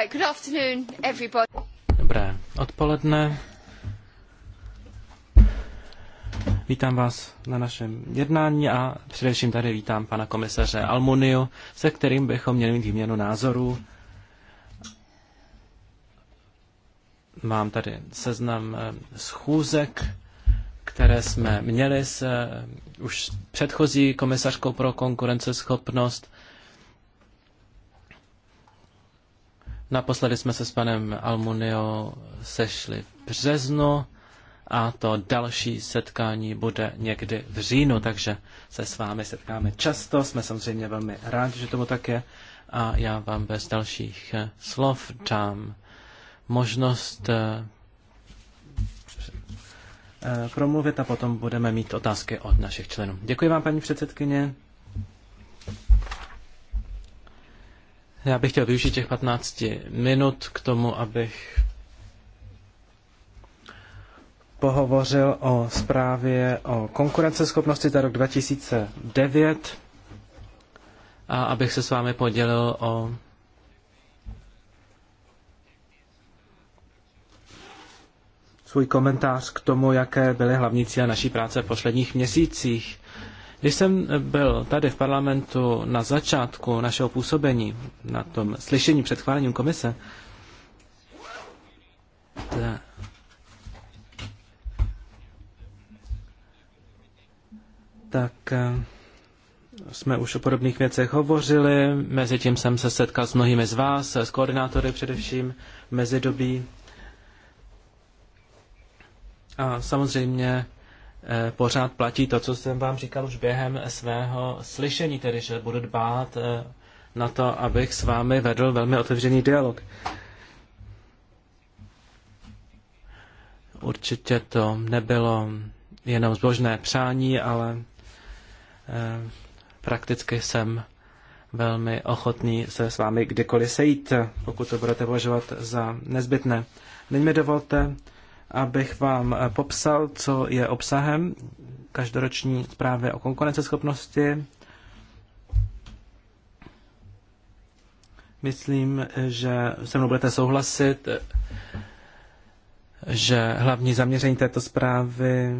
Right, good afternoon, everybody. Dobré odpoledne. Vítám vás na našem jednání a především tady vítám pana komisaře Almuniu, se kterým bychom měli mít výměnu názorů. Mám tady seznam eh, schůzek, které jsme měli s eh, už předchozí komisařkou pro konkurenceschopnost Naposledy jsme se s panem Almunio sešli v březnu a to další setkání bude někdy v říjnu, takže se s vámi setkáme často. Jsme samozřejmě velmi rádi, že tomu tak je a já vám bez dalších eh, slov dám možnost eh, eh, promluvit a potom budeme mít otázky od našich členů. Děkuji vám, paní předsedkyně. Já bych chtěl využít těch 15 minut k tomu, abych pohovořil o zprávě o konkurenceschopnosti za rok 2009 a abych se s vámi podělil o svůj komentář k tomu, jaké byly hlavní cíle naší práce v posledních měsících. Když jsem byl tady v parlamentu na začátku našeho působení, na tom slyšení před chválením komise, tak eh, jsme už o podobných věcech hovořili, mezi tím jsem se setkal s mnohými z vás, s koordinátory především, mezi dobí. A samozřejmě Eh, pořád platí to, co jsem vám říkal už během svého slyšení, tedy že budu dbát eh, na to, abych s vámi vedl velmi otevřený dialog. Určitě to nebylo jenom zbožné přání, ale eh, prakticky jsem velmi ochotný se s vámi kdykoliv sejít, pokud to budete považovat za nezbytné. Nyní mi dovolte abych vám eh, popsal, co je obsahem každoroční zprávy o konkurenceschopnosti. Myslím, že se mnou budete souhlasit, že hlavní zaměření této zprávy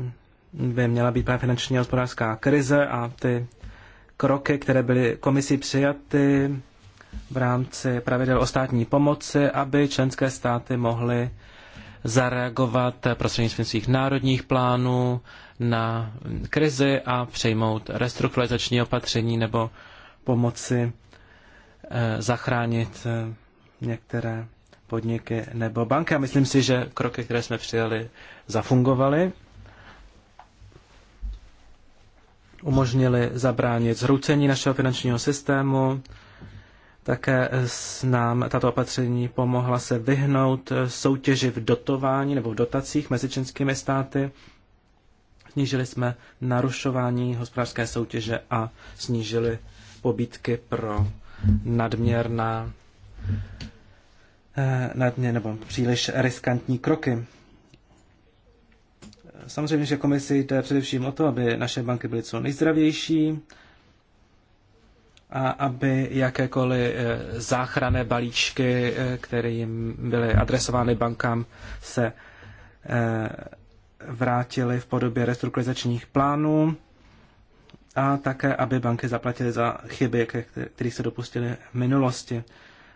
by měla být právě finanční a hospodářská krize a ty kroky, které byly komisí přijaty v rámci pravidel o státní pomoci, aby členské státy mohly zareagovat prostřednictvím svých národních plánů na krizi a přejmout restrukturalizační opatření nebo pomoci eh, zachránit eh, některé podniky nebo banky. A myslím si, že kroky, které jsme přijali, zafungovaly. Umožnili zabránit zhroucení našeho finančního systému, také nám tato opatření pomohla se vyhnout eh, soutěži v dotování nebo v dotacích mezi členskými státy. Snížili jsme narušování hospodářské soutěže a snížili pobítky pro nadměrná eh, nadměr nebo příliš riskantní kroky. Samozřejmě, že komisi jde především o to, aby naše banky byly co nejzdravější, a aby jakékoliv eh, záchranné balíčky, eh, které jim byly adresovány bankám, se eh, vrátily v podobě restrukturalizačních plánů a také, aby banky zaplatily za chyby, kterých se dopustily v minulosti.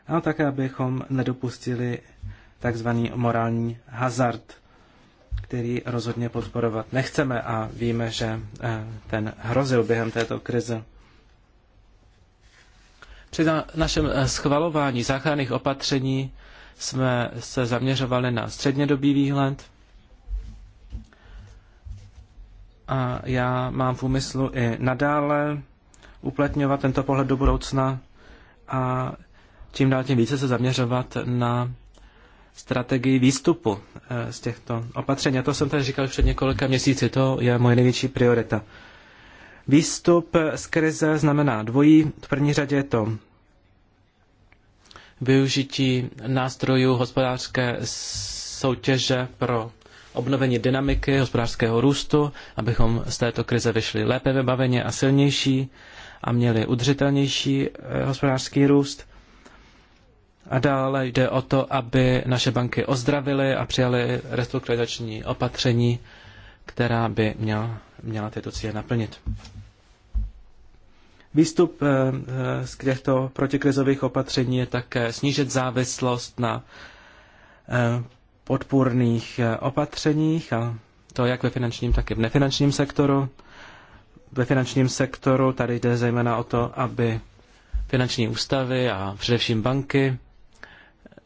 A také, abychom nedopustili takzvaný morální hazard, který rozhodně podporovat nechceme a víme, že ten hrozil během této krize. Při našem eh, schvalování záchranných opatření jsme se zaměřovali na střednědobý výhled a já mám v úmyslu i nadále uplatňovat tento pohled do budoucna a čím dál tím více se zaměřovat na strategii výstupu eh, z těchto opatření. A to jsem tady říkal před několika měsíci, to je moje největší priorita. Výstup z krize znamená dvojí. V první řadě je to využití nástrojů hospodářské soutěže pro obnovení dynamiky hospodářského růstu, abychom z této krize vyšli lépe vybaveně a silnější a měli udržitelnější eh, hospodářský růst. A dále jde o to, aby naše banky ozdravily a přijaly restrukturalizační opatření, která by měla, měla tyto cíle naplnit. Výstup eh, eh, z těchto protikrizových opatření je také snížit závislost na eh, podpůrných opatřeních a to jak ve finančním, tak i v nefinančním sektoru. Ve finančním sektoru tady jde zejména o to, aby finanční ústavy a především banky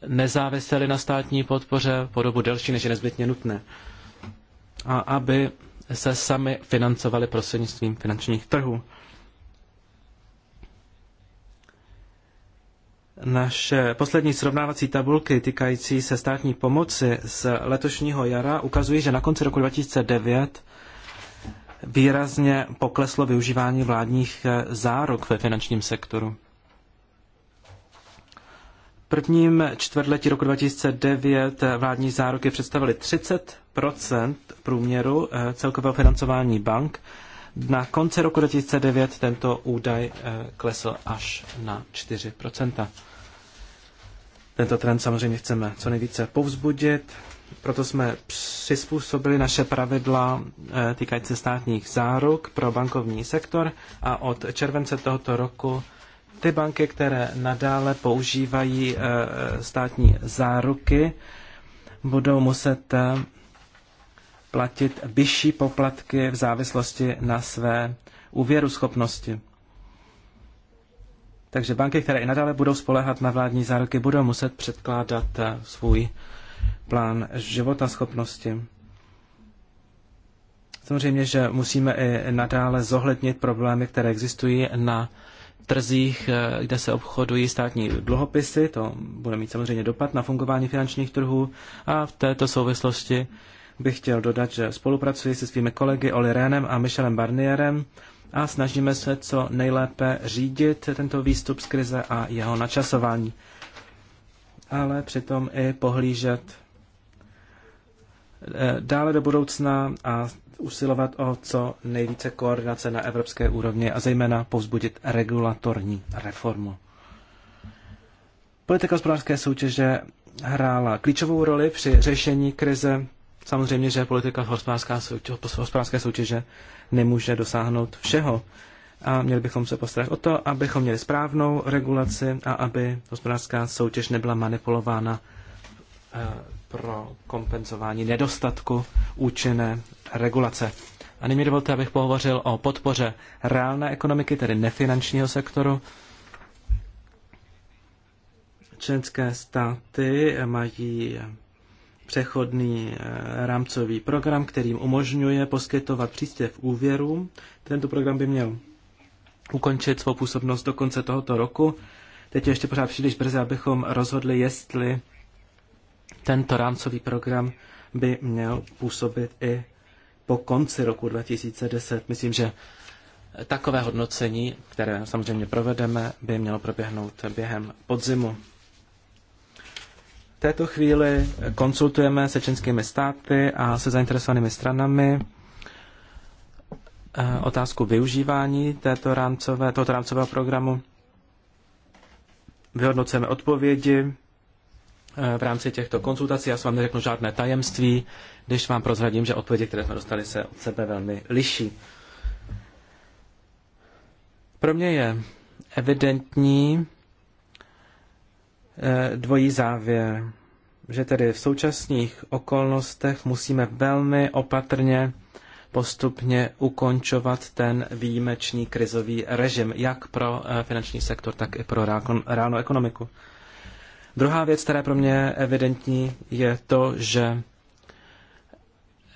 nezávisely na státní podpoře po dobu delší, než je nezbytně nutné. A aby se sami financovali prostřednictvím finančních trhů. Naše poslední srovnávací tabulky týkající se státní pomoci z letošního jara ukazují, že na konci roku 2009 výrazně pokleslo využívání vládních eh, zárok ve finančním sektoru. V prvním čtvrtletí roku 2009 vládní záruky představily 30 v průměru eh, celkového financování bank. Na konci roku 2009 tento údaj eh, klesl až na 4 tento trend samozřejmě chceme co nejvíce povzbudit, proto jsme přizpůsobili naše pravidla eh, týkající se státních záruk pro bankovní sektor a od července tohoto roku ty banky, které nadále používají eh, státní záruky, budou muset eh, platit vyšší poplatky v závislosti na své úvěru schopnosti. Takže banky, které i nadále budou spolehat na vládní záruky, budou muset předkládat eh, svůj plán života schopnosti. Samozřejmě, že musíme i nadále zohlednit problémy, které existují na trzích, eh, kde se obchodují státní dluhopisy. To bude mít samozřejmě dopad na fungování finančních trhů. A v této souvislosti bych chtěl dodat, že spolupracuji se svými kolegy Oli Rénem a Michelem Barnierem a snažíme se co nejlépe řídit tento výstup z krize a jeho načasování. Ale přitom i pohlížet eh, dále do budoucna a usilovat o co nejvíce koordinace na evropské úrovni a zejména povzbudit regulatorní reformu. Politika hospodářské soutěže hrála klíčovou roli při řešení krize Samozřejmě, že politika hospodářská soutěže, hospodářské soutěže nemůže dosáhnout všeho. A měli bychom se postarat o to, abychom měli správnou regulaci a aby hospodářská soutěž nebyla manipulována eh, pro kompenzování nedostatku účinné regulace. A nyní mi dovolte, abych pohovořil o podpoře reálné ekonomiky, tedy nefinančního sektoru. Členské státy mají přechodný eh, rámcový program, kterým umožňuje poskytovat příspěv úvěrům. Tento program by měl ukončit svou působnost do konce tohoto roku. Teď je ještě pořád příliš brzy, abychom rozhodli, jestli tento rámcový program by měl působit i po konci roku 2010. Myslím, že takové hodnocení, které samozřejmě provedeme, by mělo proběhnout během podzimu této chvíli konsultujeme se čínskými státy a se zainteresovanými stranami eh, otázku využívání této rámcové, tohoto rámcového programu. Vyhodnocujeme odpovědi eh, v rámci těchto konzultací. Já s vám neřeknu žádné tajemství, když vám prozradím, že odpovědi, které jsme dostali, se od sebe velmi liší. Pro mě je evidentní, Eh, dvojí závěr, že tedy v současných okolnostech musíme velmi opatrně postupně ukončovat ten výjimečný krizový režim, jak pro eh, finanční sektor, tak i pro reálnou ekonomiku. Druhá věc, která pro mě je evidentní, je to, že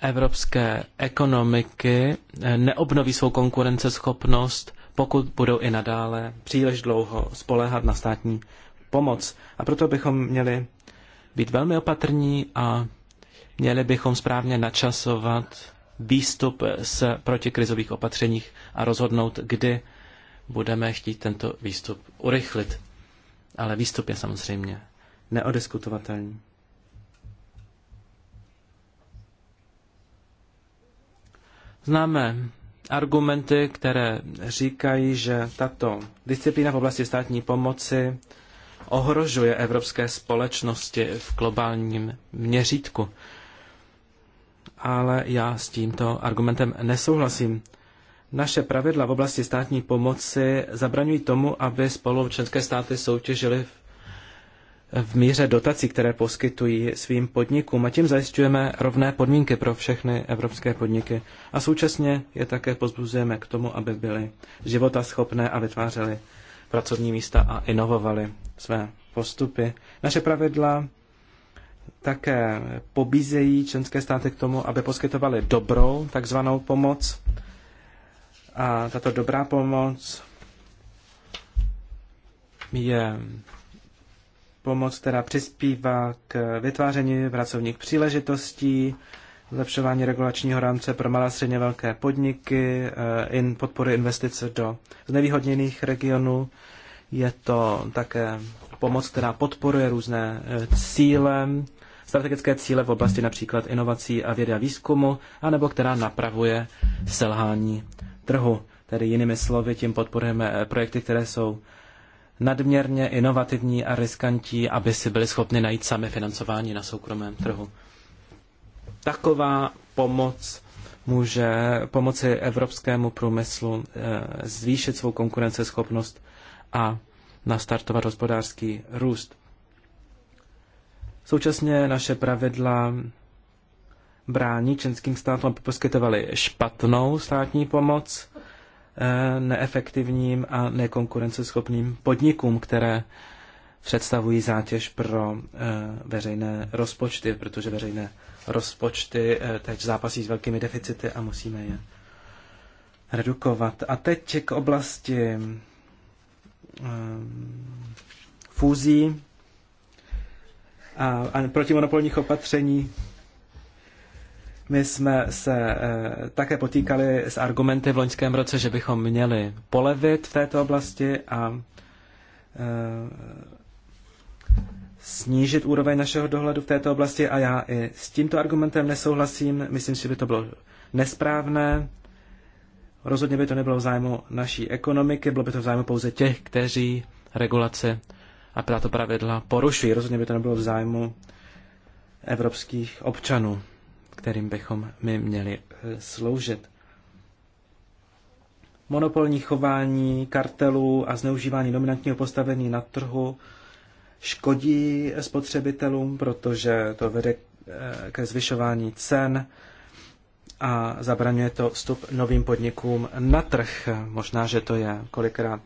evropské ekonomiky eh, neobnoví svou konkurenceschopnost, pokud budou i nadále příliš dlouho spoléhat na státní pomoc. A proto bychom měli být velmi opatrní a měli bychom správně načasovat výstup z protikrizových opatřeních a rozhodnout, kdy budeme chtít tento výstup urychlit. Ale výstup je samozřejmě neodiskutovatelný. Známe argumenty, které říkají, že tato disciplína v oblasti státní pomoci ohrožuje evropské společnosti v globálním měřítku. Ale já s tímto argumentem nesouhlasím. Naše pravidla v oblasti státní pomoci zabraňují tomu, aby spolu státy soutěžily v míře dotací, které poskytují svým podnikům a tím zajišťujeme rovné podmínky pro všechny evropské podniky a současně je také pozbuzujeme k tomu, aby byly životaschopné a vytvářely pracovní místa a inovovali své postupy. Naše pravidla také pobízejí členské státy k tomu, aby poskytovaly dobrou takzvanou pomoc. A tato dobrá pomoc je pomoc, která přispívá k vytváření pracovních příležitostí, zlepšování regulačního rámce pro malé a středně velké podniky, eh, in, podpory investic do znevýhodněných regionů. Je to také pomoc, která podporuje různé eh, cíle, strategické cíle v oblasti například inovací a vědy a výzkumu, anebo která napravuje selhání trhu. Tedy jinými slovy, tím podporujeme eh, projekty, které jsou nadměrně inovativní a riskantní, aby si byli schopni najít sami financování na soukromém trhu. Taková pomoc může pomoci evropskému průmyslu eh, zvýšit svou konkurenceschopnost a nastartovat hospodářský růst. Současně naše pravidla brání členským státům, aby poskytovali špatnou státní pomoc eh, neefektivním a nekonkurenceschopným podnikům, které představují zátěž pro eh, veřejné rozpočty, protože veřejné rozpočty eh, teď zápasí s velkými deficity a musíme je redukovat. A teď k oblasti um, fúzí a, a protimonopolních opatření. My jsme se e, také potýkali s argumenty v loňském roce, že bychom měli polevit v této oblasti a e, snížit úroveň našeho dohledu v této oblasti a já i s tímto argumentem nesouhlasím. Myslím si, že by to bylo nesprávné. Rozhodně by to nebylo v zájmu naší ekonomiky, bylo by to v zájmu pouze těch, kteří regulace a tato pravidla porušují. Rozhodně by to nebylo v zájmu evropských občanů, kterým bychom my měli eh, sloužit. Monopolní chování kartelů a zneužívání dominantního postavení na trhu škodí spotřebitelům, protože to vede eh, ke zvyšování cen a zabraňuje to vstup novým podnikům na trh. Možná, že to je kolikrát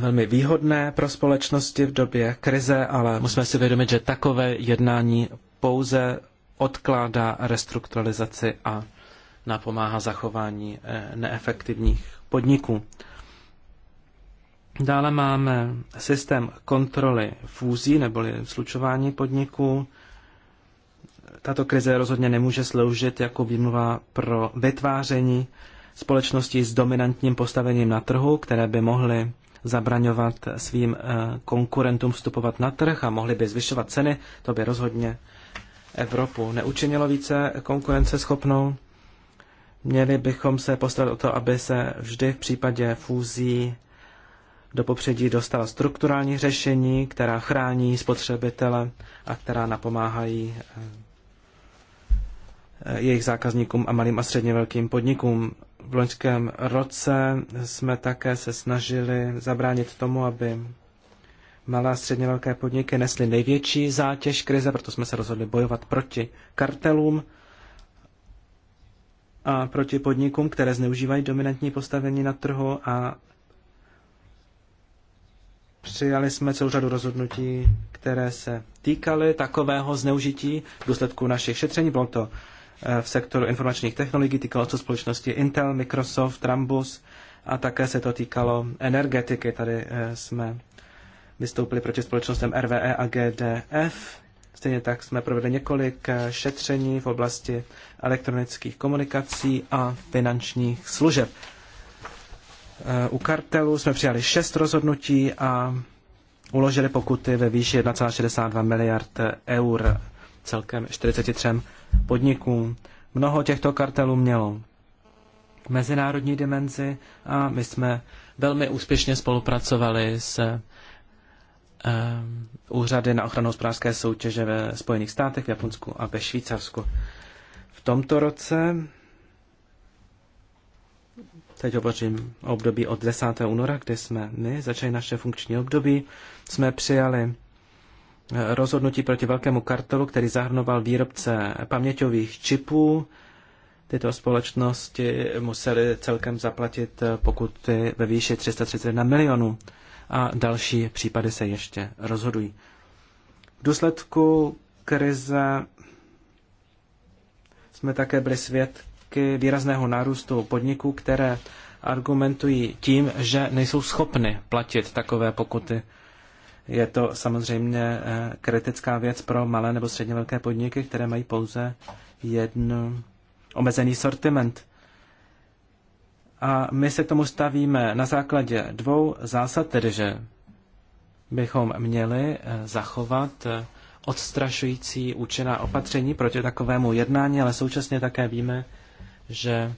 velmi výhodné pro společnosti v době krize, ale musíme si vědomit, že takové jednání pouze odkládá restrukturalizaci a napomáhá zachování eh, neefektivních podniků. Dále máme systém kontroly fúzí neboli slučování podniků. Tato krize rozhodně nemůže sloužit jako výmluva pro vytváření společností s dominantním postavením na trhu, které by mohly zabraňovat svým eh, konkurentům vstupovat na trh a mohly by zvyšovat ceny. To by rozhodně Evropu neučinilo více konkurenceschopnou. Měli bychom se postarat o to, aby se vždy v případě fúzí do popředí dostala strukturální řešení, která chrání spotřebitele a která napomáhají eh, jejich zákazníkům a malým a středně velkým podnikům. V loňském roce jsme také se snažili zabránit tomu, aby malé a středně velké podniky nesly největší zátěž krize, proto jsme se rozhodli bojovat proti kartelům a proti podnikům, které zneužívají dominantní postavení na trhu a Přijali jsme celou řadu rozhodnutí, které se týkaly takového zneužití v důsledku našich šetření. Bylo to eh, v sektoru informačních technologií, týkalo se společnosti Intel, Microsoft, Rambus a také se to týkalo energetiky. Tady eh, jsme vystoupili proti společnostem RVE a GDF. Stejně tak jsme provedli několik eh, šetření v oblasti elektronických komunikací a finančních služeb. Eh, u kartelu jsme přijali šest rozhodnutí a uložili pokuty ve výši 1,62 miliard eur celkem 43 podnikům. Mnoho těchto kartelů mělo mezinárodní dimenzi a my jsme velmi úspěšně spolupracovali s eh, úřady na ochranu hospodářské soutěže ve Spojených státech, v Japonsku a ve Švýcarsku. V tomto roce Teď hovořím o období od 10. února, kdy jsme my začali naše funkční období. Jsme přijali eh, rozhodnutí proti velkému kartelu, který zahrnoval výrobce paměťových čipů. Tyto společnosti musely celkem zaplatit eh, pokuty ve výši 331 milionů a další případy se ještě rozhodují. V důsledku krize jsme také byli svědky svědky výrazného nárůstu podniků, které argumentují tím, že nejsou schopny platit takové pokuty. Je to samozřejmě eh, kritická věc pro malé nebo středně velké podniky, které mají pouze jeden omezený sortiment. A my se tomu stavíme na základě dvou zásad, tedy že bychom měli eh, zachovat eh, odstrašující účinná opatření proti takovému jednání, ale současně také víme, že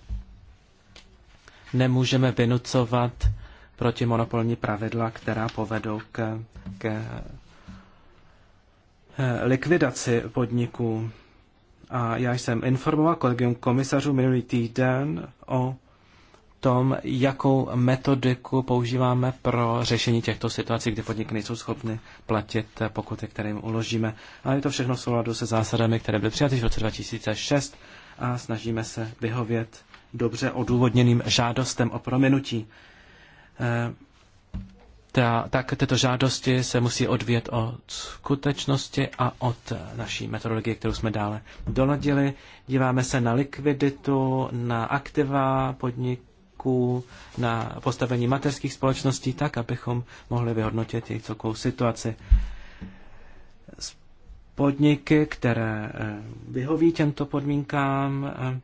nemůžeme vynucovat protimonopolní pravidla, která povedou k, k eh, likvidaci podniků. A já jsem informoval kolegium komisařů minulý týden o tom, jakou metodiku používáme pro řešení těchto situací, kdy podniky nejsou schopny platit eh, pokuty, které jim uložíme. A je to všechno v souladu se zásadami, které byly přijaty v roce 2006 a snažíme se vyhovět dobře odůvodněným žádostem o prominutí. Eh, ta, tak tyto žádosti se musí odvět od skutečnosti a od naší metodologie, kterou jsme dále doladili. Díváme se na likviditu, na aktiva podniků, na postavení mateřských společností, tak, abychom mohli vyhodnotit jejich celkovou situaci podniky, které eh, vyhoví těmto podmínkám, eh,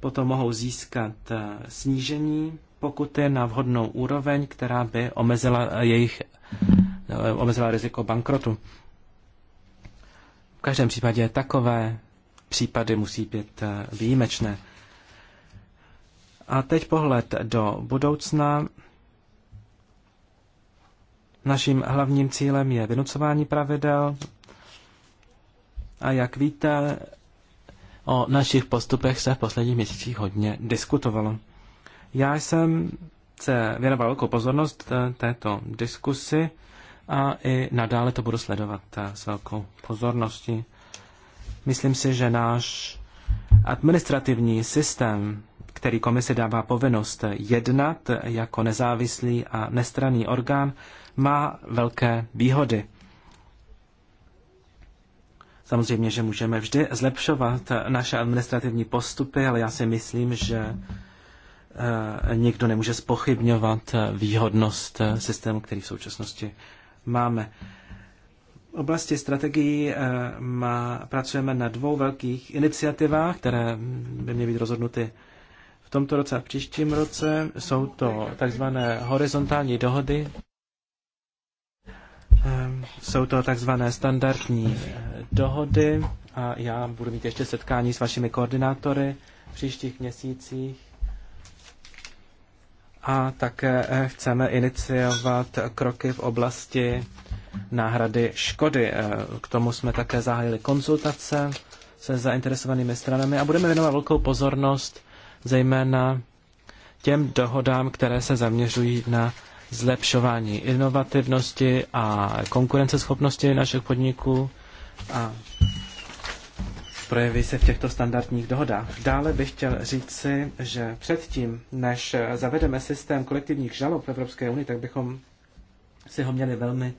potom mohou získat eh, snížení pokuty na vhodnou úroveň, která by omezila jejich omezila riziko bankrotu. V každém případě takové případy musí být výjimečné. A teď pohled do budoucna. Naším hlavním cílem je vynucování pravidel, a jak víte, o našich postupech se v posledních měsících hodně diskutovalo. Já jsem se věnoval velkou pozornost eh, této diskusi a i nadále to budu sledovat eh, s velkou pozorností. Myslím si, že náš administrativní systém, který komisi dává povinnost jednat jako nezávislý a nestraný orgán, má velké výhody. Samozřejmě, že můžeme vždy zlepšovat naše administrativní postupy, ale já si myslím, že eh, nikdo nemůže spochybňovat eh, výhodnost eh, systému, který v současnosti máme. V oblasti strategií má, pracujeme na dvou velkých iniciativách, které by měly být rozhodnuty v tomto roce a v příštím roce. Jsou to takzvané horizontální dohody Ehm, jsou to takzvané standardní eh, dohody a já budu mít ještě setkání s vašimi koordinátory v příštích měsících. A také eh, chceme iniciovat kroky v oblasti náhrady škody. Eh, k tomu jsme také zahájili konzultace se zainteresovanými stranami a budeme věnovat velkou pozornost zejména těm dohodám, které se zaměřují na zlepšování inovativnosti a konkurenceschopnosti našich podniků a projeví se v těchto standardních dohodách. Dále bych chtěl říci, že předtím, než zavedeme systém kolektivních žalob v Evropské unii, tak bychom si ho měli velmi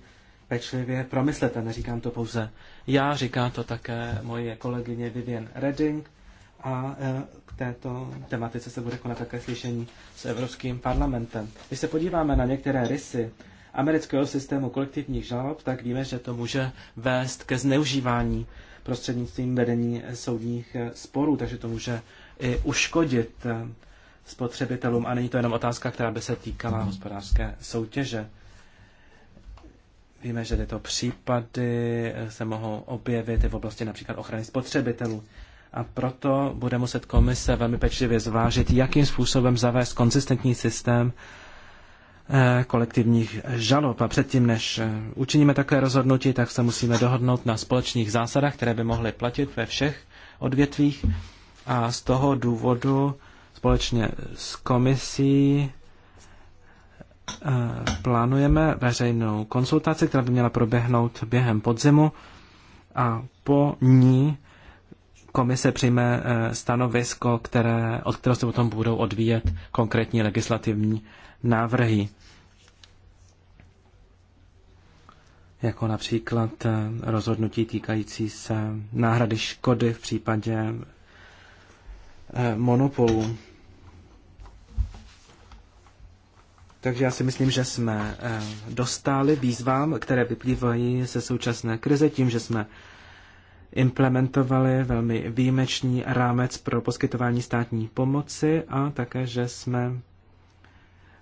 pečlivě promyslet. A neříkám to pouze já, říká to také moje kolegyně Vivian Redding a e, k této tematice se bude konat také slyšení s Evropským parlamentem. Když se podíváme na některé rysy amerického systému kolektivních žalob, tak víme, že to může vést ke zneužívání prostřednictvím vedení soudních e, sporů, takže to může i uškodit e, spotřebitelům. A není to jenom otázka, která by se týkala hospodářské soutěže. Víme, že tyto případy se mohou objevit i v oblasti například ochrany spotřebitelů. A proto bude muset komise velmi pečlivě zvážit, jakým způsobem zavést konzistentní systém eh, kolektivních žalob. A předtím, než eh, učiníme takové rozhodnutí, tak se musíme dohodnout na společných zásadách, které by mohly platit ve všech odvětvích. A z toho důvodu společně s komisí eh, plánujeme veřejnou konsultaci, která by měla proběhnout během podzimu a po ní komise přijme eh, stanovisko, které, od kterého se potom budou odvíjet konkrétní legislativní návrhy. Jako například eh, rozhodnutí týkající se náhrady škody v případě eh, monopolu. Takže já si myslím, že jsme dostali výzvám, které vyplývají ze současné krize tím, že jsme implementovali velmi výjimečný rámec pro poskytování státní pomoci a také, že jsme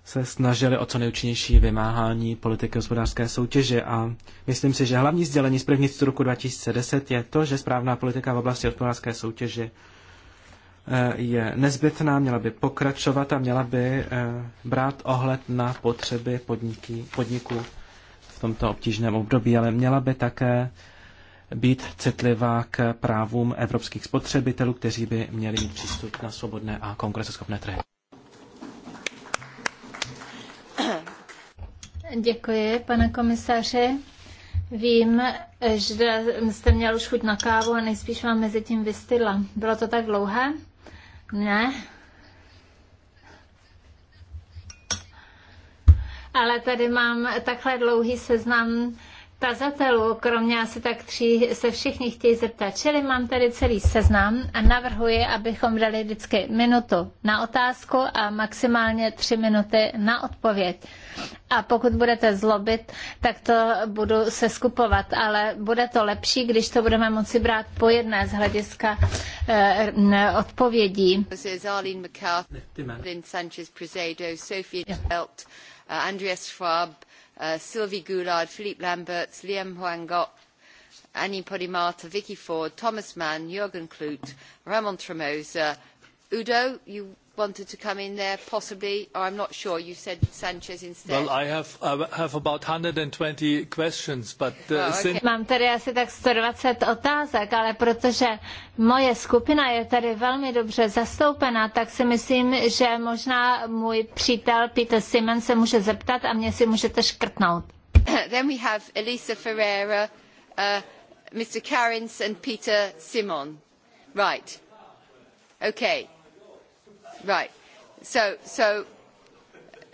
se snažili o co nejúčinnější vymáhání politiky hospodářské soutěže a myslím si, že hlavní sdělení z první roku 2010 je to, že správná politika v oblasti hospodářské soutěže eh, je nezbytná, měla by pokračovat a měla by eh, brát ohled na potřeby podniků v tomto obtížném období, ale měla by také být citlivá k právům evropských spotřebitelů, kteří by měli mít přístup na svobodné a konkurenceschopné trhy. Děkuji, pane komisaři. Vím, že jste měl už chuť na kávu a nejspíš vám mezi tím vystydla. Bylo to tak dlouhé? Ne? Ale tady mám takhle dlouhý seznam tazatelů, kromě asi tak tří, se všichni chtějí zeptat. Čili mám tady celý seznam a navrhuji, abychom dali vždycky minutu na otázku a maximálně tři minuty na odpověď. A pokud budete zlobit, tak to budu se skupovat, ale bude to lepší, když to budeme moci brát po jedné z hlediska eh, odpovědí. Arlene McCarthy, Sanchez Sophie Belt, eh, Andreas Schwab, Uh, Sylvie Goulard, Philippe Lamberts, Liam Huangot, Annie Podimata, Vicky Ford, Thomas Mann, Jürgen Kloot, Ramon Tremosa. Udo, you wanted to come in there, possibly, or oh, I'm not sure. You said Sanchez instead. Well, I have, I have about 120 questions, but... Uh, oh, okay. Mám tady asi tak 120 otázek, ale protože moje skupina je tady velmi dobře zastoupena, tak si myslím, že možná můj přítel Peter Simon se může zeptat a mě si můžete škrtnout. Then we have Elisa Ferreira, uh, Mr. Karins and Peter Simon. Right. Okay. Right. So, so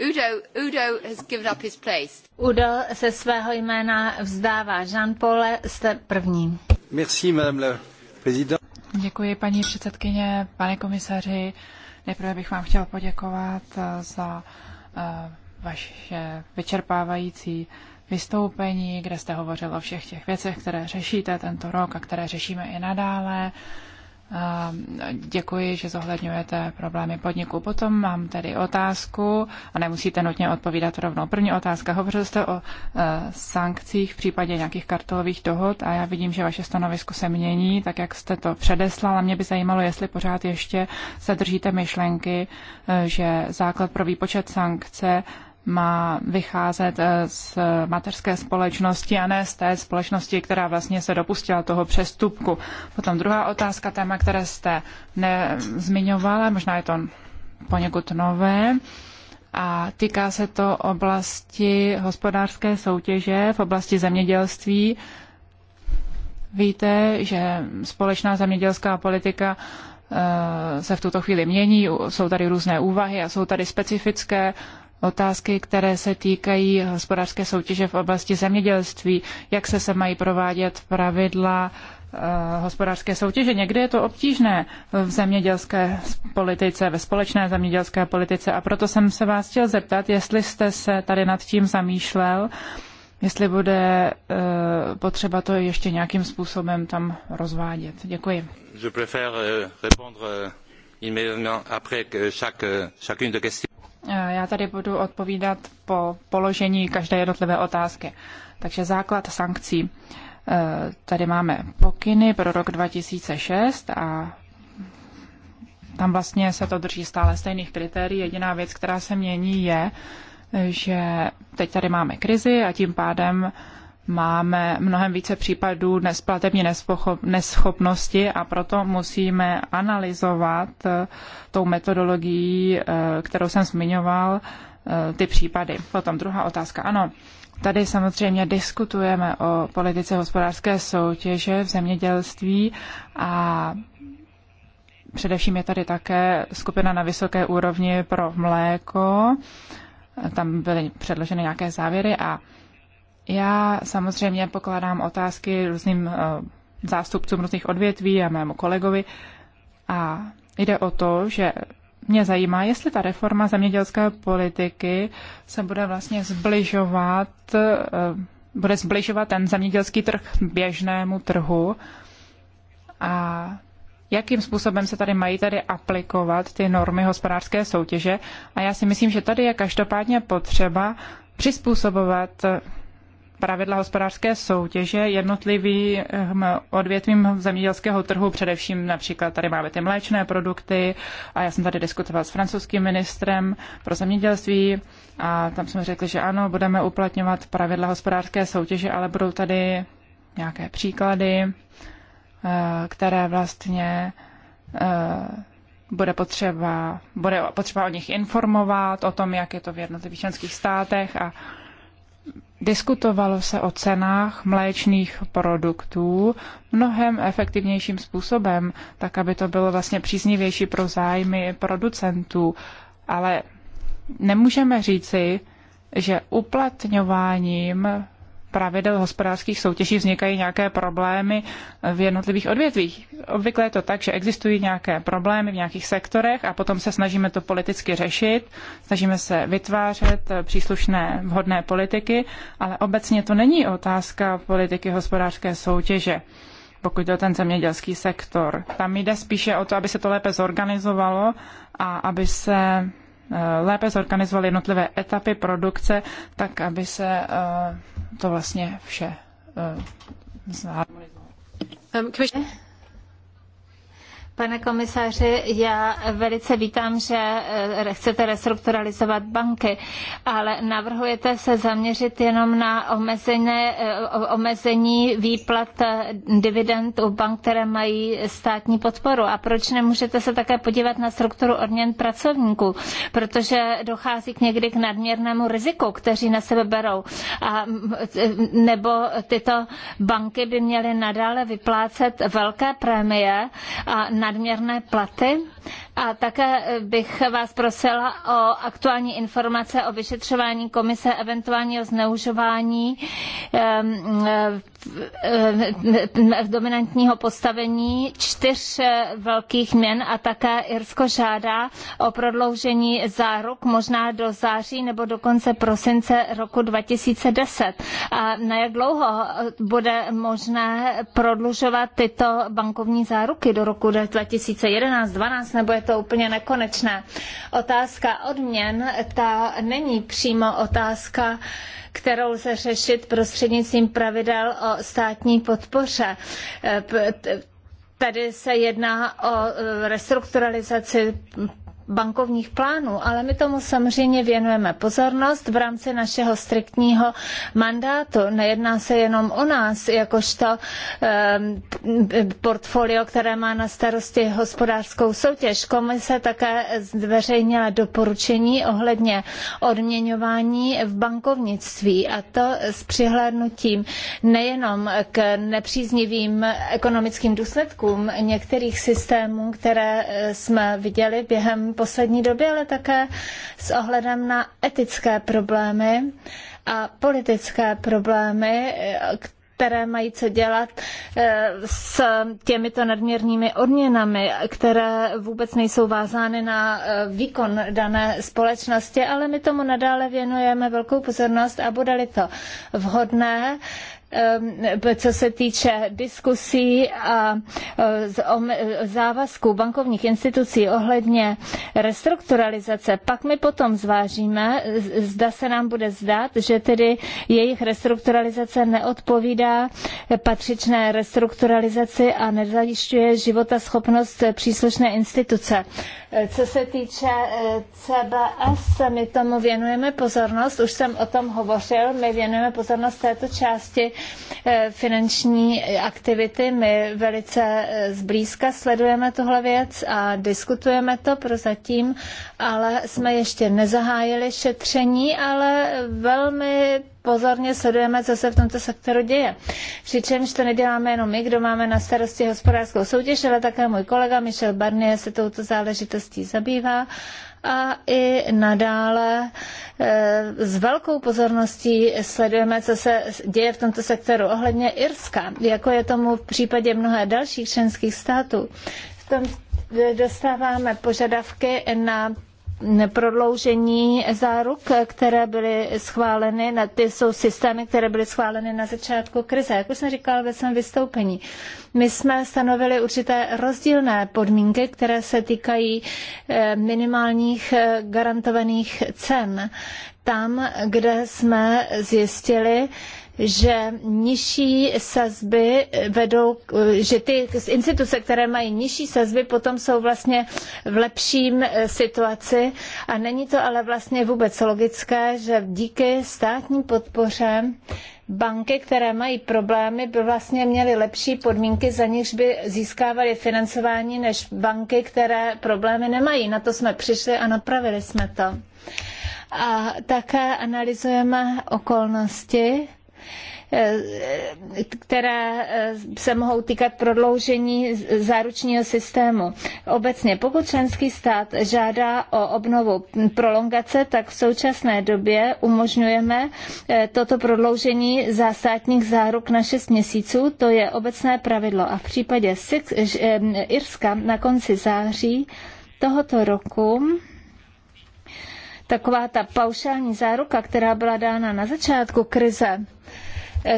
Udo, Udo has given up his place. Udo se svého jména vzdává. Jean-Paul, jste první. Merci, madame la présidente. Děkuji, paní předsedkyně, pane komisaři. Nejprve bych vám chtěl poděkovat eh, za eh, vaše vyčerpávající vystoupení, kde jste hovořil o všech těch věcech, které řešíte tento rok a které řešíme i nadále. Uh, Eh, děkuji, že zohledňujete problémy podniku. Potom mám tady otázku a nemusíte nutně odpovídat rovnou. První otázka. Hovořil jste o eh, sankcích v případě nějakých kartelových dohod a já vidím, že vaše stanovisko se mění, tak jak jste to předeslal. A mě by zajímalo, jestli pořád ještě se držíte myšlenky, eh, že základ pro výpočet sankce má vycházet eh, z mateřské společnosti a ne z té společnosti, která vlastně se dopustila toho přestupku. Potom druhá otázka, téma, které jste nezmiňovala, možná je to poněkud nové, a týká se to oblasti hospodářské soutěže v oblasti zemědělství. Víte, že společná zemědělská politika eh, se v tuto chvíli mění, jsou tady různé úvahy a jsou tady specifické otázky, které se týkají hospodářské soutěže v oblasti zemědělství, jak se se mají provádět pravidla eh, hospodářské soutěže. Někdy je to obtížné v zemědělské politice, ve společné zemědělské politice a proto jsem se vás chtěl zeptat, jestli jste se tady nad tím zamýšlel, jestli bude eh, potřeba to ještě nějakým způsobem tam rozvádět. Děkuji. Je préfère eh, répondre immédiatement après chaque, chacune de questions. Eh, já tady budu odpovídat po položení každé jednotlivé otázky. Takže základ sankcí. Eh, tady máme pokyny pro rok 2006 a tam vlastně se to drží stále stejných kritérií. Jediná věc, která se mění, je, že teď tady máme krizi a tím pádem máme mnohem více případů dnes platební neschopnosti a proto musíme analyzovat eh, tou metodologií, eh, kterou jsem zmiňoval, eh, ty případy. Potom druhá otázka. Ano, Tady samozřejmě diskutujeme o politice hospodářské soutěže v zemědělství a především je tady také skupina na vysoké úrovni pro mléko. Tam byly předloženy nějaké závěry a já samozřejmě pokládám otázky různým eh, zástupcům různých odvětví a mému kolegovi a jde o to, že mě zajímá, jestli ta reforma zemědělské politiky se bude vlastně zbližovat, eh, bude zbližovat ten zemědělský trh běžnému trhu a jakým způsobem se tady mají tady aplikovat ty normy hospodářské soutěže. A já si myslím, že tady je každopádně potřeba přizpůsobovat pravidla hospodářské soutěže jednotlivým odvětvím zemědělského trhu, především například tady máme ty mléčné produkty a já jsem tady diskutoval s francouzským ministrem pro zemědělství a tam jsme řekli, že ano, budeme uplatňovat pravidla hospodářské soutěže, ale budou tady nějaké příklady, eh, které vlastně eh, bude potřeba, bude potřeba o nich informovat, o tom, jak je to v jednotlivých členských státech a Diskutovalo se o cenách mléčných produktů mnohem efektivnějším způsobem, tak aby to bylo vlastně příznivější pro zájmy producentů. Ale nemůžeme říci, že uplatňováním pravidel hospodářských soutěží vznikají nějaké problémy v jednotlivých odvětvích. Obvykle je to tak, že existují nějaké problémy v nějakých sektorech a potom se snažíme to politicky řešit, snažíme se vytvářet příslušné vhodné politiky, ale obecně to není otázka politiky hospodářské soutěže pokud jde o ten zemědělský sektor. Tam jde spíše o to, aby se to lépe zorganizovalo a aby se lépe zorganizoval jednotlivé etapy produkce, tak aby se eh, to vlastně vše eh, zharmonizovalo. Um, Pane komisaři, já velice vítám, že eh, chcete restrukturalizovat banky, ale navrhujete se zaměřit jenom na omezené, eh, omezení výplat eh, dividend u bank, které mají státní podporu. A proč nemůžete se také podívat na strukturu odměn pracovníků? Protože dochází k někdy k nadměrnému riziku, kteří na sebe berou. A, nebo tyto banky by měly nadále vyplácet velké prémie a na nadměrné platy a také bych vás prosila o aktuální informace o vyšetřování komise eventuálního zneužívání ehm, ehm, ehm, dominantního postavení čtyř velkých měn a také Irsko žádá o prodloužení záruk možná do září nebo do konce prosince roku 2010. A na jak dlouho bude možné prodlužovat tyto bankovní záruky do roku 2011, 12 nebo je to úplně nekonečné. Otázka odměn, ta není přímo otázka, kterou lze řešit prostřednictvím pravidel o státní podpoře. Tady se jedná o e, restrukturalizaci bankovních plánů, ale my tomu samozřejmě věnujeme pozornost v rámci našeho striktního mandátu. Nejedná se jenom o nás, jakožto ehm, portfolio, které má na starosti hospodářskou soutěž. Komise také zveřejnila doporučení ohledně odměňování v bankovnictví a to s přihlédnutím nejenom k nepříznivým ekonomickým důsledkům některých systémů, které eh, jsme viděli během poslední době, ale také s ohledem na etické problémy a politické problémy, které mají co dělat eh, s těmito nadměrnými odměnami, které vůbec nejsou vázány na eh, výkon dané společnosti, ale my tomu nadále věnujeme velkou pozornost a bude-li to vhodné, Ehm, co se týče diskusí a eh, závazků bankovních institucí ohledně restrukturalizace, pak my potom zvážíme, zda se nám bude zdát, že tedy jejich restrukturalizace neodpovídá patřičné restrukturalizaci a nezajišťuje schopnost příslušné instituce. Eh, co se týče eh, CBS, my tomu věnujeme pozornost, už jsem o tom hovořil, my věnujeme pozornost této části Eh, finanční aktivity. My velice eh, zblízka sledujeme tuhle věc a diskutujeme to prozatím, ale jsme ještě nezahájili šetření, ale velmi pozorně sledujeme, co se v tomto sektoru děje. Přičemž to neděláme jenom my, kdo máme na starosti hospodářskou soutěž, ale také můj kolega Michel Barnier se touto záležitostí zabývá a i nadále eh, s velkou pozorností sledujeme, co se děje v tomto sektoru ohledně Irska, jako je tomu v případě mnoha dalších členských států. V tom eh, dostáváme požadavky na prodloužení záruk, které byly schváleny, na, ty jsou systémy, které byly schváleny na začátku krize. Jak už jsem říkal ve svém vystoupení, my jsme stanovili určité rozdílné podmínky, které se týkají eh, minimálních eh, garantovaných cen. Tam, kde jsme zjistili, že nižší sazby vedou, že ty instituce, které mají nižší sazby, potom jsou vlastně v lepším eh, situaci a není to ale vlastně vůbec logické, že díky státní podpoře banky, které mají problémy, by vlastně měly lepší podmínky, za nichž by získávaly financování, než banky, které problémy nemají. Na to jsme přišli a napravili jsme to. A také analyzujeme okolnosti, které se mohou týkat prodloužení záručního systému. Obecně, pokud členský stát žádá o obnovu prolongace, tak v současné době umožňujeme eh, toto prodloužení zásadních záruk na 6 měsíců, to je obecné pravidlo. A v případě eh, Irska na konci září tohoto roku taková ta paušální záruka, která byla dána na začátku krize,